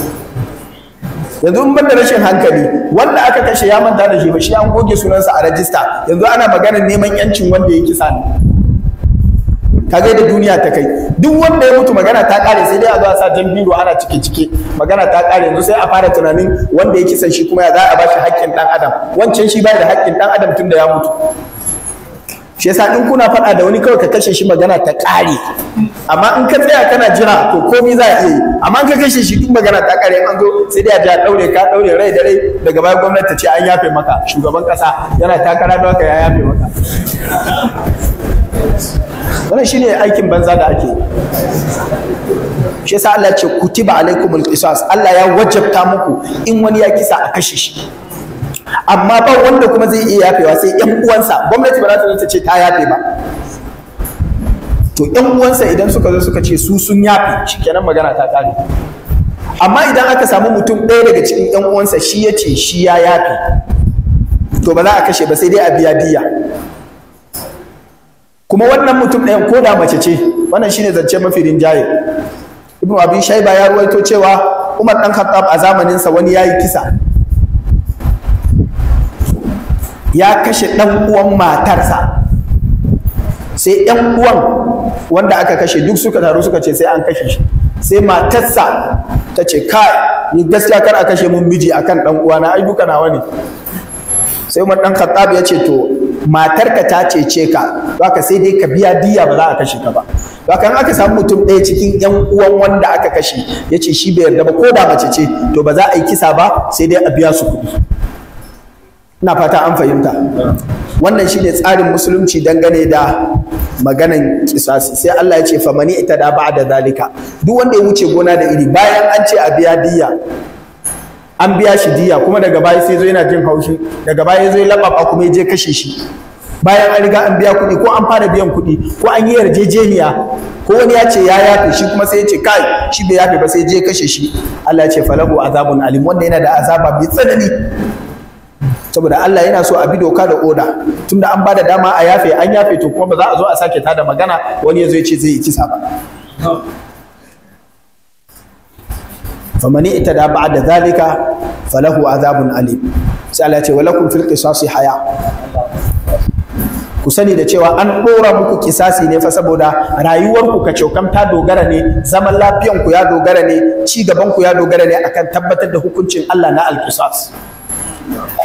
yanzu in banda rashin hankali wanda aka kashe ya manta da shi ba shi an goge sunansa a rajista yanzu ana maganar neman yancin wanda ya kisa ne zai da duniya ta kai duk wanda ya mutu magana ta kare sai dai a zuwa a sa jan biro ana cike cike magana ta kare yanzu sai a fara tunanin wanda ya kisan shi kuma ya za a ba shi haƙƙin dan adam wancan shi bai da haƙƙin dan adam tun da ya mutu shi yasa in kuna faɗa da wani kawai ka kashe shi magana ta ƙare amma in ka tsaya kana jira to komai za a iya yi amma in ka kashe shi duk magana ta kare an zo sai dai a ji a ɗaure ka daure rai da rai daga baya gwamnati ce an yafe maka shugaban kasa yana takara da haka ya yafe maka wannan shine aikin banza da ake shi yasa Allah ce kutiba alaikumul qisas Allah ya wajabta muku in wani ya kisa a kashe shi amma ba wanda kuma zai iya yafewa sai yan uwansa gwamnati ba za ta ce ta yafe ba to yan uwansa idan suka zo suka ce su sun yafe shikenan magana ta kare amma idan aka samu mutum ɗaya daga cikin yan uwansa shi ya ce shi ya yafe to ba za a kashe ba sai dai a biya biya kuma wannan mutum ɗayan ko da mace ce wannan shine zance mafi rinjaye ibnu abi shaiba ya ruwaito cewa umar Ɗan khattab a zamanin sa wani yayi kisa ya kashe dan uwan matarsa sai ɗan uwan wanda aka kashe duk suka taru suka ce sai an kashe shi sai matarsa ta ce kai ni gaskiya kar a kashe mun miji akan dan uwana ai duka nawa ne sai umar dan khattab ya ce to matarka ta cece ka haka sai dai ka biya diya ba za a kashe ka ba baka in aka samu mutum ɗaya cikin yan uwan wanda aka kashe ya ce shi bai yarda ba ko da mace ce to ba za a yi kisa ba sai dai a biya su kuɗi ina fata an fahimta wannan shine tsarin musulunci dangane da maganan kisasi sai Allah ya ce famani ita da da zalika duk wanda ya wuce gona da iri bayan an ce a biya diya an biya shi diya kuma daga baya sai zo yana jin haushi daga baya zo ya laɓaɓa kuma ya je kashe shi bayan an riga an biya kuɗi ko an fara biyan kuɗi ko an yi yarjejeniya ko wani ya ce ya yafe shi kuma sai ya ce kai shi bai yafe ba sai je kashe shi Allah ya ce falahu azabun alim wanda yana da azaba mai tsanani saboda Allah yana so a bi doka da oda tunda an bada dama a yafe an yafe to kuma ba za a zo a sake tada magana wani ya zo ya ce zai yi kisa ba famani ba da zalika falahu azabun Ali. sai Allah ce walakum haya ku sani da cewa an ɗora muku kisasi ne fa saboda rayuwarku ka cokam ta dogara ne zaman lafiyanku ya dogara ne ci gabanku ya dogara ne akan tabbatar da hukuncin Allah na alkisas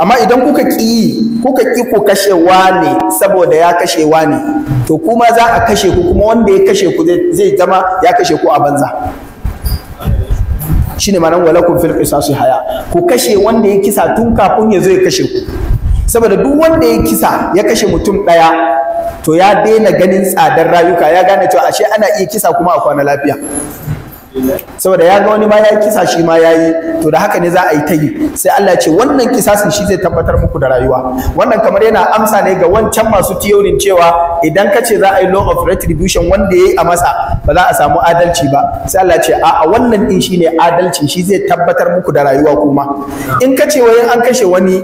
amma idan kuka ki kuka ki ku kashe ne saboda ya kashe ne to kuma za a kashe ku kuma wanda ya kashe ku zai zama ya kashe ku a banza shine ma'anar walakum fil qisasi haya ku kashe wanda ya kisa tun kafin ya zo ya kashe ku saboda duk wanda ya kisa ya kashe mutum daya, to ya daina ganin tsadar rayuka ya gane cewa ashe ana iya kisa kuma a kwana lafiya saboda ya ga wani ma ya kisa shi ma ya yi to da haka ne za a yi ta yi sai Allah ce wannan kisasin shi zai tabbatar muku da rayuwa wannan kamar yana amsa ne ga wancan masu tiyorin cewa idan ka ce za a yi law of retribution wanda ya yi a masa ba za a samu adalci ba sai Allah ya ce a'a wannan din shine adalci shi zai tabbatar muku da rayuwa kuma in ka ce wai an kashe wani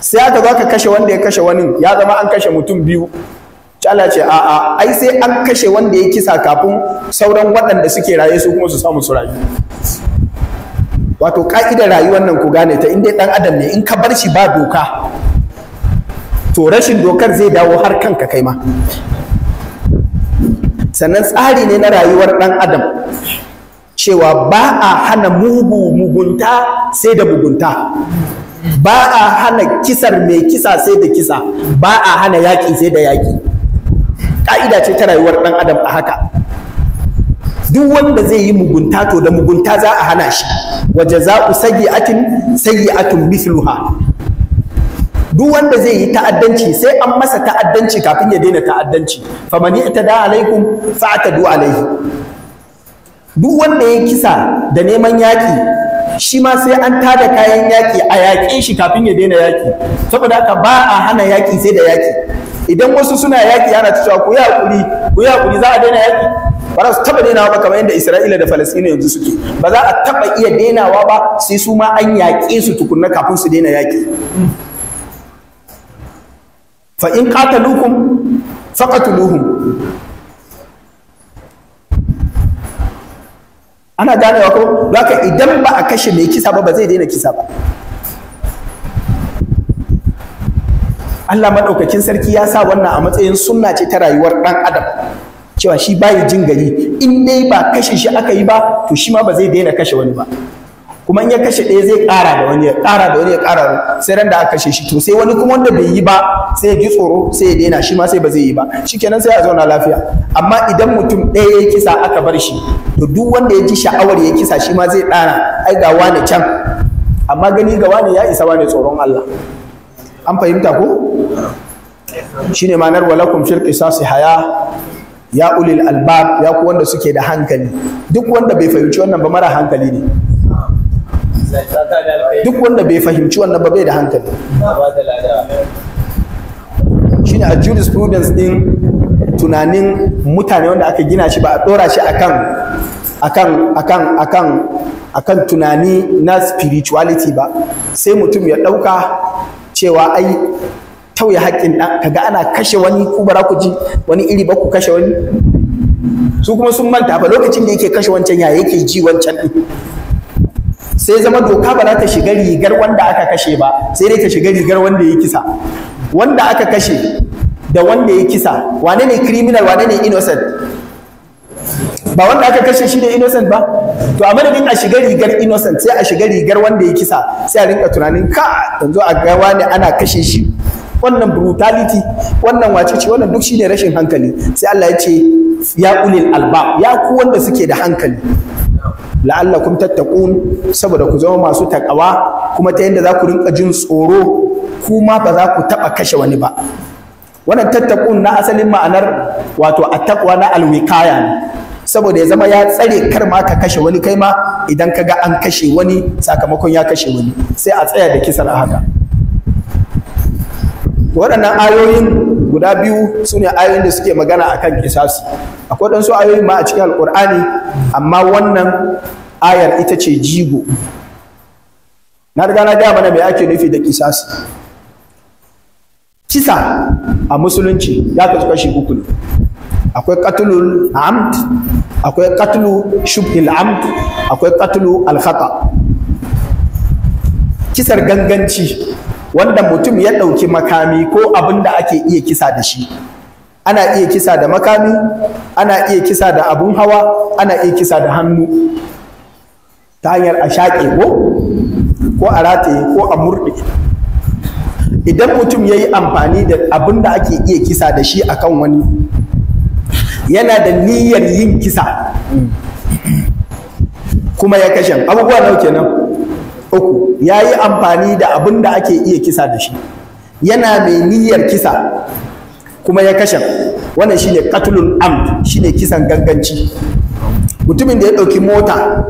sai aka zo ka kashe wanda ya kashe wani ya zama an kashe mutum biyu Allah ce a'a ai sai an kashe wanda ya kisa kafin sauran waɗanda suke raye su kuma su samu su rayu wato ka'idar rayuwar nan ku gane ta in dai ɗan adam ne in ka bar shi ba doka to rashin dokar zai dawo har kanka kai ma sannan tsari ne na rayuwar ɗan adam cewa ba a hana mugu mugunta sai da mugunta ba a hana kisar mai kisa sai da kisa ba a hana yaƙi sai da yaƙi ƙa'ida ce ta rayuwar ɗan adam a haka duk wanda zai yi mugunta to da mugunta za a hana shi wa jaza'u sayyi'atin sayyi'atun mithluha duk wanda zai yi ta'addanci sai an masa ta'addanci kafin ya daina ta'addanci fa man i'tada alaikum fa'tadu alaihi duk wanda ya kisa da neman yaƙi shi ma sai an tada kayan yaƙi a yaƙe shi kafin ya daina yaƙi saboda haka ba a hana yaƙi sai da yaƙi idan wasu suna yaƙi ana cewa ku yi haƙuri ku yi hakuri za a daina yaƙi ba za su taɓa dainawa ba kamar yadda Isra'ila da Falasɗina yanzu suke ba za a taɓa iya dainawa ba sai su ma an yaƙe su tukunna kafin su daina yaƙi fa in qataluhum faqatuluhum ana ganewa ko haka idan ba a kashe mai kisa ba ba zai daina kisa ba Allah maɗaukakin sarki ya sa wannan a matsayin sunna ce ta rayuwar ɗan adam cewa shi bayi jin gari in dai ba kashe shi aka yi ba to shi ma ba zai daina kashe wani ba kuma in ya kashe ɗaya zai ƙara da wani ya ƙara da wani ya ƙara sai ran da aka kashe shi to sai wani kuma wanda bai yi ba sai ya ji tsoro sai ya daina shi ma sai ba zai yi ba shikenan sai a zauna lafiya amma idan mutum ɗaya ya kisa aka bar shi to duk wanda ya ji sha'awar ya kisa shi ma zai ɗana ai ga wani can amma gani ga wani ya isa wani tsoron Allah an fahimta ko shine ma'anar walakum fil qisasi haya ya ulil albab ya ku wanda suke da hankali duk wanda bai fahimci wannan ba mara hankali ne duk wanda bai fahimci wannan ba bai da hankali shine a jurisprudence din tunanin mutane wanda aka gina shi ba a dora shi akan akan tunani na spirituality ba sai mutum ya dauka cewa ai tauye haƙƙin ɗan kaga ana kashe wani kubara ku ji wani iri ba ku kashe wani su kuma sun manta ba lokacin da yake kashe wancan ya yake ji wancan din sai zama doka ba za ta shiga rigar wanda aka kashe ba sai dai ta shiga rigar wanda ya kisa wanda aka kashe da wanda ya kisa wane ne criminal wane ne innocent ba wanda aka kashe shi ne innocent ba to a madadin a shiga rigar innocent sai a shiga rigar wanda ya kisa sai a rinka tunanin ka yanzu a ga wani ana kashe shi wannan brutality wannan wacece wannan duk shine rashin hankali sai Allah ya ce ya ulil albab ya ku wanda suke da hankali la'allakum tattaqun saboda ku zama masu takawa kuma ta yadda za ku rinka jin tsoro kuma ba za ku taba kashe wani ba wannan tattaqun na asalin ma'anar wato attaqwa na alwikaya ne saboda ya zama ya tsare kar ma ka kashe wani kai ma idan ka ga an kashe wani sakamakon ya kashe wani sai a tsaya da kisar haka waɗannan ayoyin guda biyu su ne ayoyin da suke magana a kan kisasi akwai ɗansu ayoyin ma a cikin alƙur'ani amma wannan ayar ita ce jigo na riga na gaya mana mai ake nufi da kisasi kisa a musulunci ya kasu kashi uku ne akwai katulul amd akwai katulu shubhil amd akwai katulu alkhata kisar ganganci wanda mutum ya ɗauki makami ko abin da ake iya kisa da shi ana iya kisa da makami ana iya kisa da abun hawa ana iya kisa da hannu ta hanyar a shaƙe ko ko a rataye ko a murɗe idan mutum ya yi amfani da abin da ake iya kisa da shi a kan wani yana da niyyar yin kisa kuma ya kashe abubuwa nau kenan uku ya yi amfani da abin da ake iya kisa da shi yana mai niyyar kisa kuma ya kashe wannan shi ne katulun am shi ne kisan ganganci mutumin da ya ɗauki mota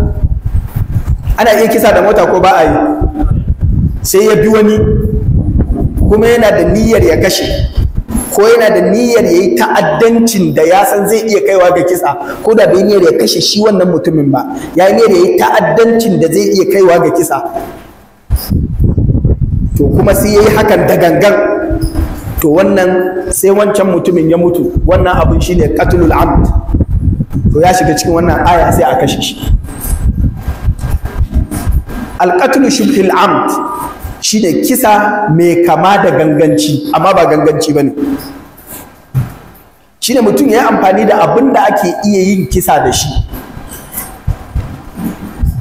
ana iya kisa da mota ko ba a yi sai ya bi wani kuma yana da niyyar ya kashe ko yana da niyyar ya yi ta'addancin da ya san zai iya kaiwa ga kisa ko da bai niyyar ya kashe shi wannan mutumin ba ya yi niyyar ya yi ta'addancin da zai iya kaiwa ga kisa to kuma sai yayi hakan da gangan to wannan sai wancan mutumin ya mutu wannan abin shine qatlul amd to ya shiga cikin wannan aya sai a kashe shi alqatlu shubhil amd shine kisa mai kama da ganganci amma ba ganganci ba bane ne mutum ya yi amfani da abin da ake iya yin kisa da shi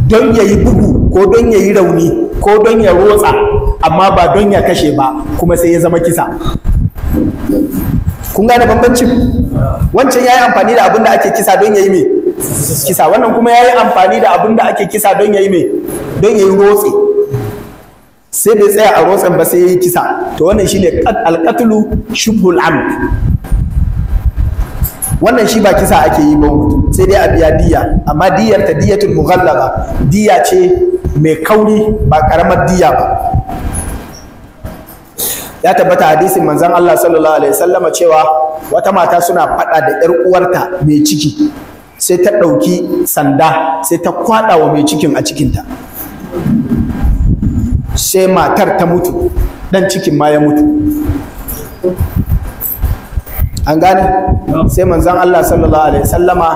don ya yi bugu ko don ya yi rauni ko don ya rotsa amma ba don ya kashe ba kuma sai ya zama kisa kun gane bambancin wancan ya yi amfani da abin da ake kisa don ya yi me kisa wannan kuma ya yi amfani da abin da ake kisa don ya yi me don ya yi rotse sai bai tsaya a rotsen ba sai ya yi kisa to wannan shi ne alƙatulu shubhul amd wannan shi ba kisa ake yi ba sai dai a biya diya amma diyar ta diyatul mughallaba diya ce mai kauri ba karamar diya ba ya tabbata hadisin manzan Allah sallallahu alaihi wasallama cewa wata mata suna faɗa da ƴar uwarta mai ciki sai ta ɗauki sanda sai ta kwaɗa wa mai cikin a cikinta sai matar ta mutu ɗan cikin ma ya mutu an gane sai manzan Allah sallallahu alaihi wasallama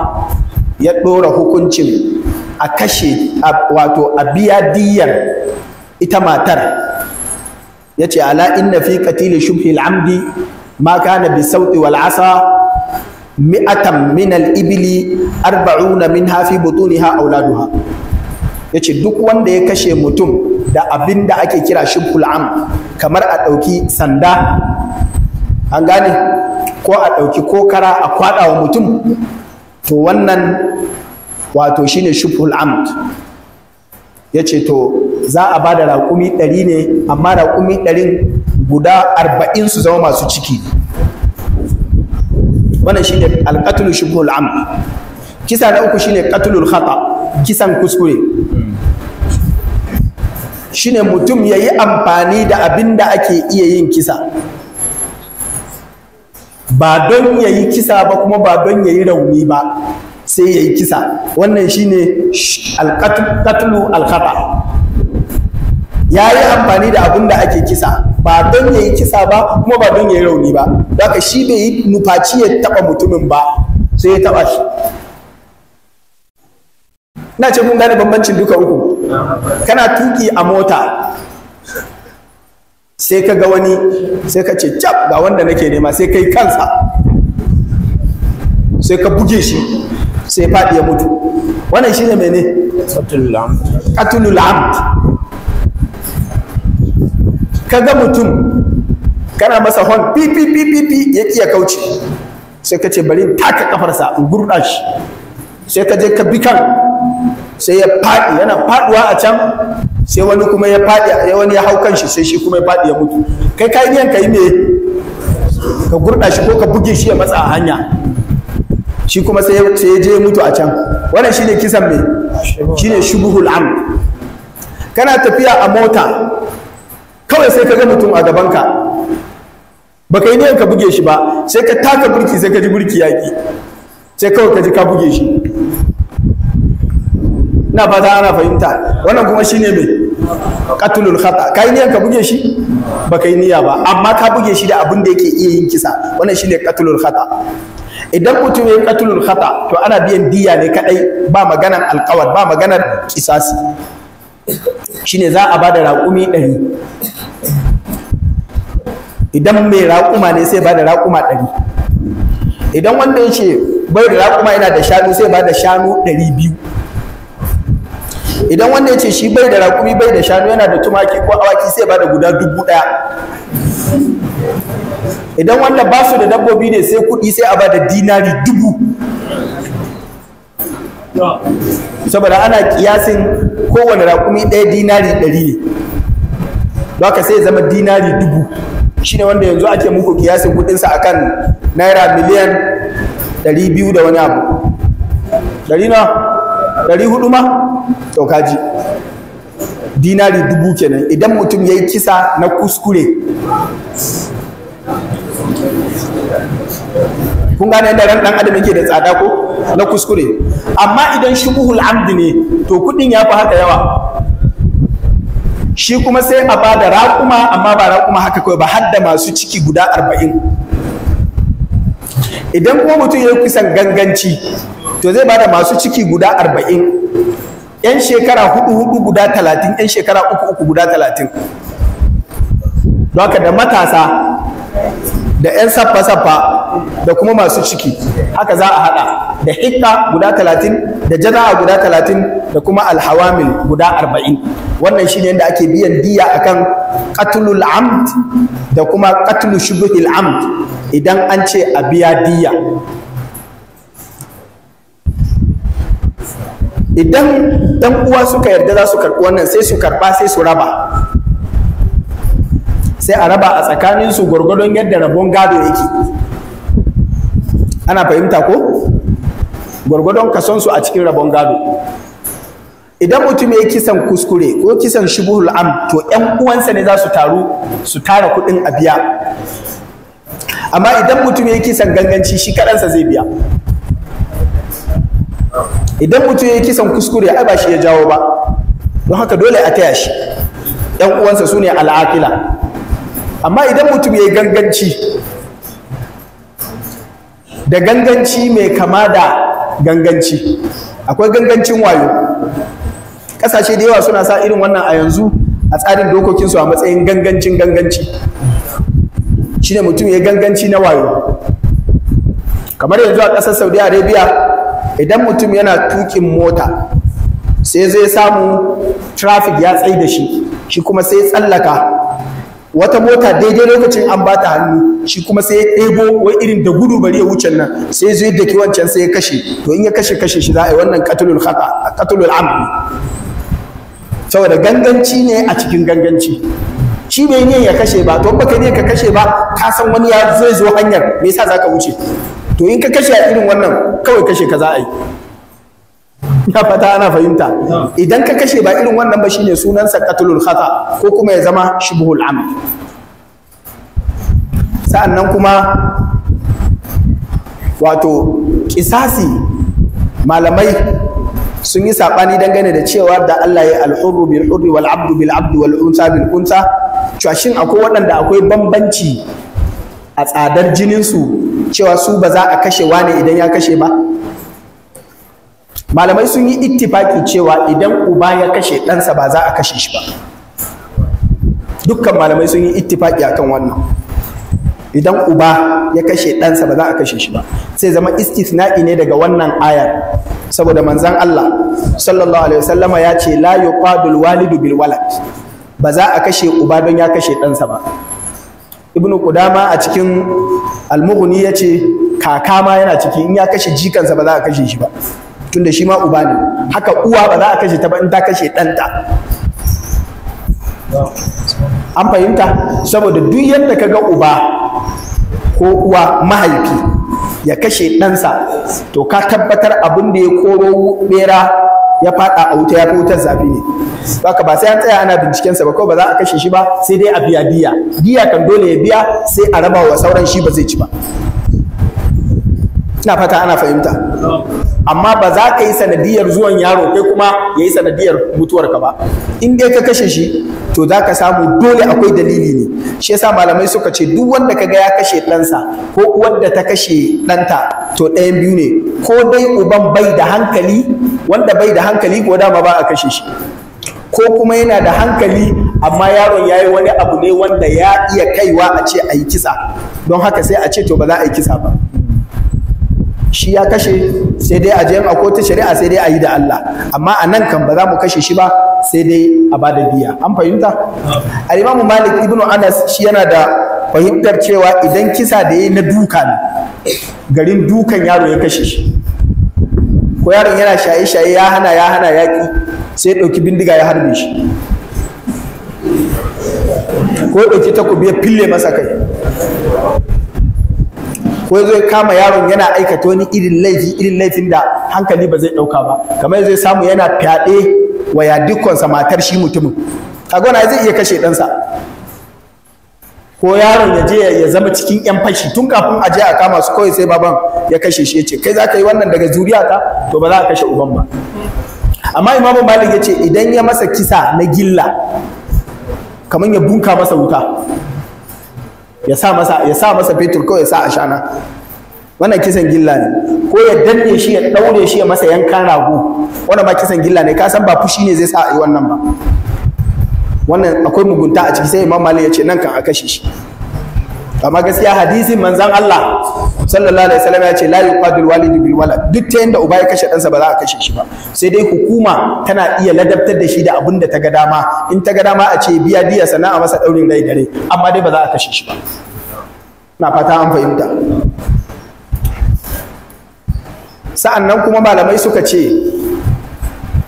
ya ɗora hukuncin a kashe wato a biya diyar ita matar ya ce ala inna fi katili shubhi al'amdi ma kana bi sauti wal asa mi'atan min al ibili arba'una min hafi butuniha auladuha ya ce duk wanda ya kashe mutum da abin da ake kira shubhul am kamar a ɗauki sanda an gane ko a ɗauki kokara a kwaɗa wa mutum to wannan wato shine shubhul amd ya ce to za a ba da raƙumi ɗari ne amma raƙumi ɗarin guda arba'in su zama masu ciki wannan shine alqatlu shubhul am kisa na uku shine qatlul khata kisan kuskure shine mutum ya yi amfani da abin da ake iya yin kisa ba don ya yi kisa ba kuma ba don ya yi rauni ba sai ya yi kisa wannan shi ne alƙatulu alƙata ya yi amfani da abin da ake kisa ba don ya yi kisa ba kuma ba don ya yi rauni ba aka shi bai yi nufaci ya taɓa mutumin ba sai ya taɓa shi ina ce mun gane bambancin duka uku kana tuki a mota sai ka ga wani sai ka ce cap ga wanda nake nema sai kai kansa sai ka buge shi sai faɗi ya mutu wannan shine mene qatlul amd ga mutum kana masa hon pi ya pi ya kauce sai ka ce bari taka kafarsa in gurɗa shi sai ka je ka bi kan sai ya faɗi yana faɗuwa a can sai wani kuma ya faɗi ya wani ya hau kanshi sai shi kuma ya faɗi ya mutu kai ka yi ka yi me ka gurɗa shi ko ka buge shi ya matsa a hanya shi kuma sai ya je mutu a can wannan shine kisan mai shi ne shubuhul am kana tafiya a mota kawai sai ka ga mutum a gabanka ka yi niyan ka buge shi ba sai ka taka burki sai ka ji burki yaki sai kawai ka ji ka buge shi ina fata ana fahimta wannan kuma shine mai katulul khata yi niyan ka buge shi ba kai niyya ba amma ka buge shi da abin da yake iya yin kisa wannan ne katulul khata idan mutum ya katulul khata to ana biyan diya ne kadai ba maganar alkawar ba maganar kisasi shine za a bada raƙumi ɗari idan mai raƙuma ne sai bada raƙuma ɗari idan wanda ya ce bai da raƙuma yana da shanu sai bada shanu ɗari biyu idan wanda ya ce shi bai da raƙumi bai da shanu yana da tumaki ko awaki sai ba da guda dubu ɗaya idan wanda ba su da dabbobi ne sai kuɗi sai a ba da dinari dubu saboda ana kiyasin kowane raƙumi ɗaya dinari ɗari ne ba ka sai zama dinari dubu Shi ne wanda yanzu ake muku kiyasin kuɗinsa kan naira miliyan ɗari biyu da wani abu ɗari na ɗari hudu ma to dinari dubu kenan idan mutum ya yi kisa na kuskure kun gane yadda ran dan adam yake da tsada ko na kuskure amma idan shubuhul amdi ne to kudin ya fi haka yawa shi kuma sai a bada raƙuma amma ba raƙuma haka kawai ba hadda masu ciki guda arba'in idan kuma mutum ya yi kusan ganganci to zai bada masu ciki guda arba'in yan shekara hudu hudu guda talatin yan shekara uku uku guda talatin don haka da matasa da 'yan saffa-saffa da kuma masu ciki haka za a haɗa da hikka guda talatin da jada'a guda talatin da kuma alhawamil guda arba'in wannan shine yadda ake biyan diya akan qatlul amd da kuma qatlu shubuhil amd idan an ce a biya diya idan dan uwa suka yarda za su karɓi wannan sai su karɓa sai su raba sai a raba a tsakanin su gwargwadon yadda rabon gado yake ana fahimta ko gwargwadon su a cikin rabon gado idan mutum ya yi kisan kuskure ko kisan shubuhul am to yan uwansa ne za su taru su tara kuɗin a biya amma idan mutum ya yi kisan ganganci shi kaɗansa zai biya idan mutum ya yi kisan kuskure ai ba shi ya jawo ba don haka dole a taya shi yan uwansa su ne al'akila amma idan mutum ya yi ganganci da ganganci mai kama da ganganci akwai gangancin wayo ƙasashe da yawa suna sa irin wannan a yanzu a tsarin dokokinsu a matsayin gangancin ganganci shine mutum ya ganganci na wayo kamar yanzu a ƙasar saudi arabia idan mutum yana tukin mota sai zai samu traffic ya tsaye da shi shi kuma sai tsallaka wata mota daidai lokacin an bata hannu shi kuma sai ya ɗebo wai irin da gudu bari ya wuce nan sai zai da ki wancan sai ya kashe to in ya kashe kashe shi za a yi wannan qatlul khata qatlul amd saboda ganganci ne a cikin ganganci shi bai ne ya kashe ba to baka ne ka kashe ba ka san wani ya zai zo hanyar me yasa zaka wuce to in ka kashe a irin wannan kawai kashe ka za a yi ya fata ana fahimta idan ka kashe ba irin wannan ba shine sunansa qatlul khata ko kuma ya zama shubuhul am sa'annan kuma wato kisasi malamai sun yi saɓani dangane da cewa da Allah ya al-hurru bil hurri wal abdu bil abdu wal unsa bil unsa cewa shin akwai waɗanda akwai bambanci a tsadar jininsu cewa su ba za a kashe wane idan ya kashe ba malamai sun yi ittifaki cewa idan uba ya kashe ɗansa ba za a kashe shi ba dukkan malamai sun yi ittifaki akan wannan idan uba ya kashe ɗansa ba za a kashe shi ba sai zama istisna'i ne daga wannan ayar saboda manzan Allah sallallahu alaihi wasallama ya ce la yuqadul walidu bil walad ba za a kashe uba don ya kashe ɗansa ba ibnu kudama a cikin almughni ya ce kaka ma yana ciki in ya kashe jikansa ba za a kashe shi ba tunda shi ma uba ne haka uwa ba za a kashe ta ba in ta kashe ɗanta an fahimta saboda duk yadda ka ga uba ko uwa mahaifi ya kashe ɗansa to ka tabbatar abin da ya koro bera ya faɗa a wuta ya fi wutar zafi ne baka ba sai an tsaya ana binciken sa ba kawai ba za a kashe shi ba sai dai a biya biya, diya kan dole ya biya sai a raba wa sauran shi ba zai ci ba ina fata ana fahimta amma ba za ka yi sanadiyar zuwan yaro kai kuma ya yi sanadiyar mutuwarka ba in dai ka kashe shi to za ka samu dole akwai dalili ne shi yasa malamai suka ce duk wanda ka ga ya kashe ɗansa ko wanda ta kashe ɗanta to ɗayan biyu ne ko dai uban bai da hankali wanda bai da hankali ko dama ba a kashe shi ko kuma yana da hankali amma yaron ya yi wani abu ne wanda ya iya kaiwa a ce a yi kisa don haka sai a ce to ba za a yi kisa ba shi ya kashe sai dai a je a kotu shari'a sai dai a yi da Allah amma a nan kan ba za mu kashe shi ba sai dai a ba da biya an fahimta Alimamu Malik ibn Anas shi yana da fahimtar cewa idan kisa da yayi na duka ne garin dukan yaro ya kashe shi ko yaron yana shaye shaye ya hana ya hana yaki sai ɗauki bindiga ya harbe shi ko ya dauki takobi ya fille masa kai ko zai kama yaron yana aikata wani irin laifi irin laifin da hankali ba zai ɗauka ba kamar zai samu yana fyaɗe wa yadikonsa matar shi mutumin kaga zai iya kashe ɗansa ko yaron ya je ya zama cikin yan fashi tun kafin a je a kama su kawai sai baban ya kashe shi ya ce kai za ka yi wannan daga ta to ba za a kashe uban ba amma imamu malik ya ce idan ya masa kisa na gilla kamar ya bunka masa wuta ya sa masa fetur kawai ya sa ashana wannan kisan gilla ne ko ya danne shi ya daure shi ya masa yankan rago wannan ba kisan gilla ne ka san ba fushi ne zai sa a yi wannan ba wannan akwai mugunta a ciki sai imam malik ya ce nan kan a kashe shi amma gaskiya hadisin manzon Allah sallallahu alaihi wasallam ya ce la yuqadul walidu bil walad duk ta yanda uba ya kashe ɗansa ba za a kashe shi ba sai dai hukuma tana iya ladabtar da shi da abin da ta ga dama in ta ga dama a ce biya diya a masa daurin rai dare amma dai ba za a kashe shi ba na fata an fahimta sa'an kuma malamai suka ce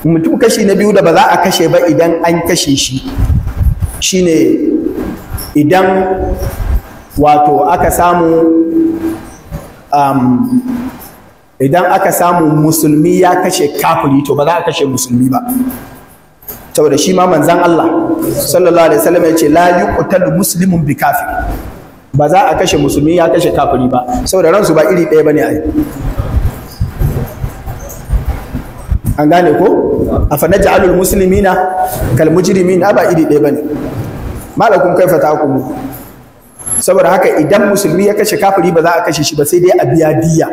mutum kashi na biyu da ba za a kashe ba idan an kashe shi shine idan wato aka samu Um, idan aka samu musulmi ya kashe kafiri to ba za a kashe musulmi ba saboda shi ma manzan Allah sallallahu alaihi wasallam ya ce la yuqtalu muslimun bi kafir ba za a kashe musulmi ya kashe kafiri ba saboda ransu ba iri ɗaya bane ai an gane ko a fa naj'alul muslimina kal mujrimina ba iri ɗaya bane malakum kaifa ta'qumun saboda haka idan musulmi ya kashe kafiri ba za a kashe shi ba sai dai a biya diya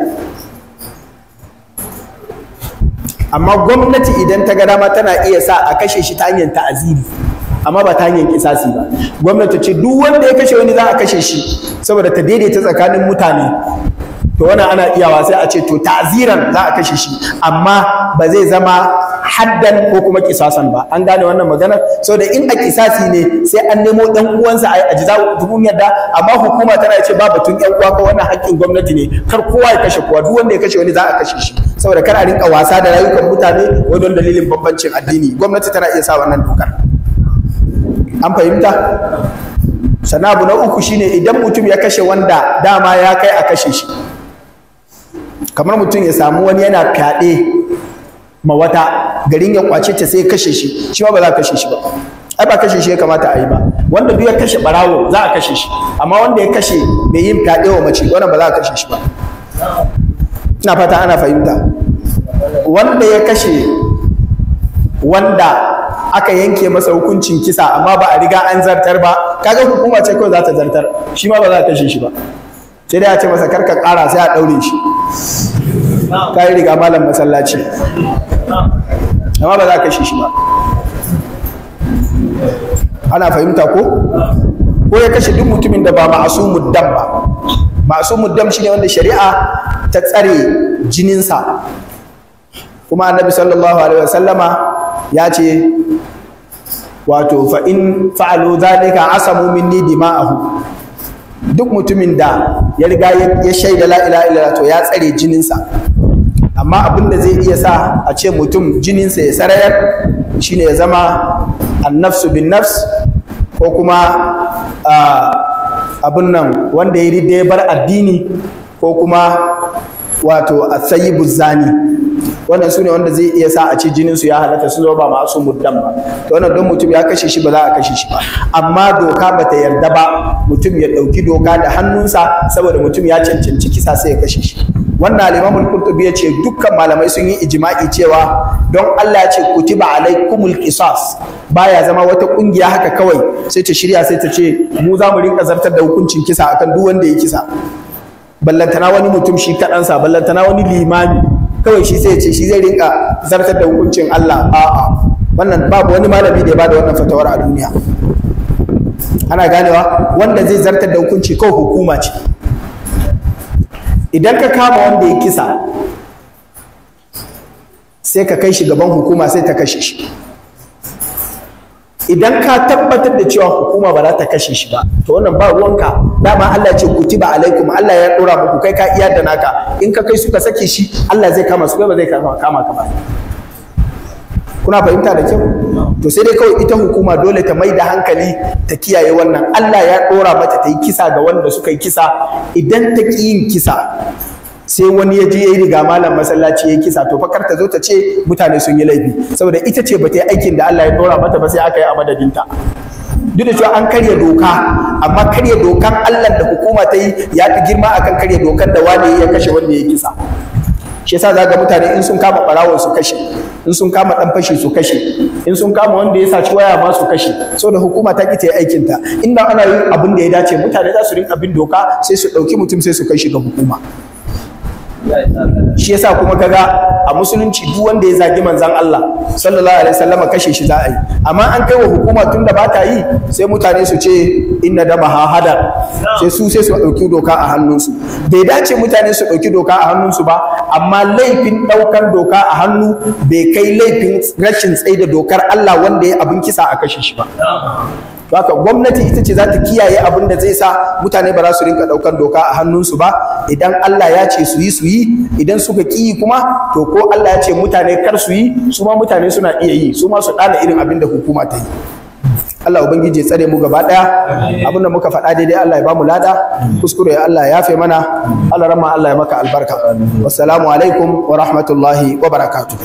amma gwamnati idan ta ga dama tana iya sa a kashe shi ta hanyar ta'aziri amma ba ta hanyar kisasi ba gwamnati ce duk wanda ya kashe wani za a kashe shi saboda ta daidaita tsakanin mutane to wannan ana iyawa sai a ce to ta'aziran za a kashe shi amma ba zai zama haddan ko kuma kisasan ba an gane wannan maganar so da in a kisasi ne sai an nemo ɗan uwansa a ajiza dubun yadda amma hukuma tana ce ba batun yan uwa ko wannan haƙƙin gwamnati ne kar kowa ya kashe kowa duk wanda ya kashe wani za a kashe shi saboda kar a rinka wasa da rayukan mutane wai don dalilin bambancin addini gwamnati tana iya sa wannan dokar an fahimta sana abu na uku shine idan mutum ya kashe wanda dama ya kai a kashe shi kamar mutum ya samu wani yana fyaɗe ma wata garin ya kwace ta sai kashe shi shi ba za a kashe shi ba ai ba kashe shi ya kamata a yi ba wanda duk ya kashe barawo za a kashe shi amma wanda ya kashe mai yin fyaɗe wa mace wannan ba za a kashe shi ba ina fata ana fahimta wanda ya kashe wanda aka yanke masa hukuncin kisa amma ba a riga an zartar ba kaga hukuma ce kawai za ta zartar shi ma ba za a kashe shi ba sai dai a ce masa karka kara sai a daure shi ka yi riga malam masallaci amma ba za ka shi shi ba ana fahimta ko ko ya kashe duk mutumin da ba masu dam ba ma'asumu dam shine wanda shari'a ta tsare jininsa kuma annabi sallallahu alaihi wasallama ya ce wato fa in fa'alu dhalika asamu minni dima'ahu duk mutumin da ya riga ya shaida la ilaha illallah to ya tsare jininsa amma abin da zai iya sa a ce mutum jininsa ya sarayar shine ya zama annafsu bin nafs ko kuma abin nan wanda ya bar addini ko kuma wato asayibu zani wannan su ne wanda zai iya sa a ce jinin su ya halatta su zama ba masu muddan ba to wannan don mutum ya kashe shi ba za a kashe shi ba amma doka ba ta yarda ba mutum ya ɗauki doka da hannunsa saboda mutum ya cancanci kisa sai ya kashe shi wannan Limamin imam ya ce dukkan malamai sun yi ijma'i cewa don Allah ya ce kutiba alaikumul qisas baya zama wata kungiya haka kawai sai ta shirya sai ta ce mu za mu rinka zartar da hukuncin kisa akan duk wanda ya kisa ballantana wani mutum shi kaɗansa ballantana wani limami kawai shi sai ce shi zai rinka zartar da hukuncin Allah a'a wannan babu wani malami da ya bada wannan fatawar a duniya ana ganewa wanda zai zartar da hukunci kawai hukuma ce idan ka kama wanda ya kisa sai ka kai shi gaban hukuma sai ta kashe shi idan ka tabbatar da cewa hukuma ba za ta kashe shi ba to wannan ba ruwanka dama Allah ce kutiba alaikum Allah ya dora muku kai ka iya da naka in ka kai suka sake shi Allah zai kama su kai ba zai kama kama ka ba kuna fahimta da kyau to sai dai kawai ita hukuma dole ta mai da hankali ta kiyaye wannan Allah ya dora mata ta yi kisa ga wanda suka yi kisa idan ta ki yin kisa sai wani ya je ya yi riga malam masallaci ya kisa to fakar ta zo ta ce mutane sun yi laifi saboda ita ce ba ta yi aikin da Allah ya dora mata ba sai aka yi a madadinta duk da cewa an karya doka amma karya dokan Allah da hukuma ta yi ya fi girma akan karya dokan da wani ya kashe wanda ya kisa shi yasa za ga mutane in sun kama barawon su kashe in sun kama dan fashi su kashe in sun kama wanda ya saci waya ma su kashe so hukuma ta ki ta yi aikin ta inda ana yin abin da ya dace mutane za su rinka bin doka sai su dauki mutum sai su kai shi ga hukuma shi yasa kuma kaga a musulunci duk wanda ya zagi manzan Allah sallallahu alaihi wasallam kashe shi za a yi amma an kai wa hukuma tunda ba ta yi sai mutane su ce inna da hada sai su sai su dauki doka a hannunsu bai dace mutane su dauki doka a hannunsu ba amma laifin daukar doka a hannu bai kai laifin rashin da dokar Allah wanda ya abin kisa a kashe shi ba haka gwamnati ita ce za ta kiyaye abin da zai sa mutane ba za su rinka ɗaukar doka a hannunsu ba idan Allah ya ce su yi su yi idan suka ki kuma to ko Allah ya ce mutane kar su yi su ma mutane suna iya yi su ma su ɗana irin abin da hukuma ta yi Allah ubangiji ya tsare mu gaba daya da muka faɗa daidai Allah ya bamu lada kuskure Allah ya fe mana Allah rama Allah ya maka albarka wassalamu alaikum wa rahmatullahi wa barakatuh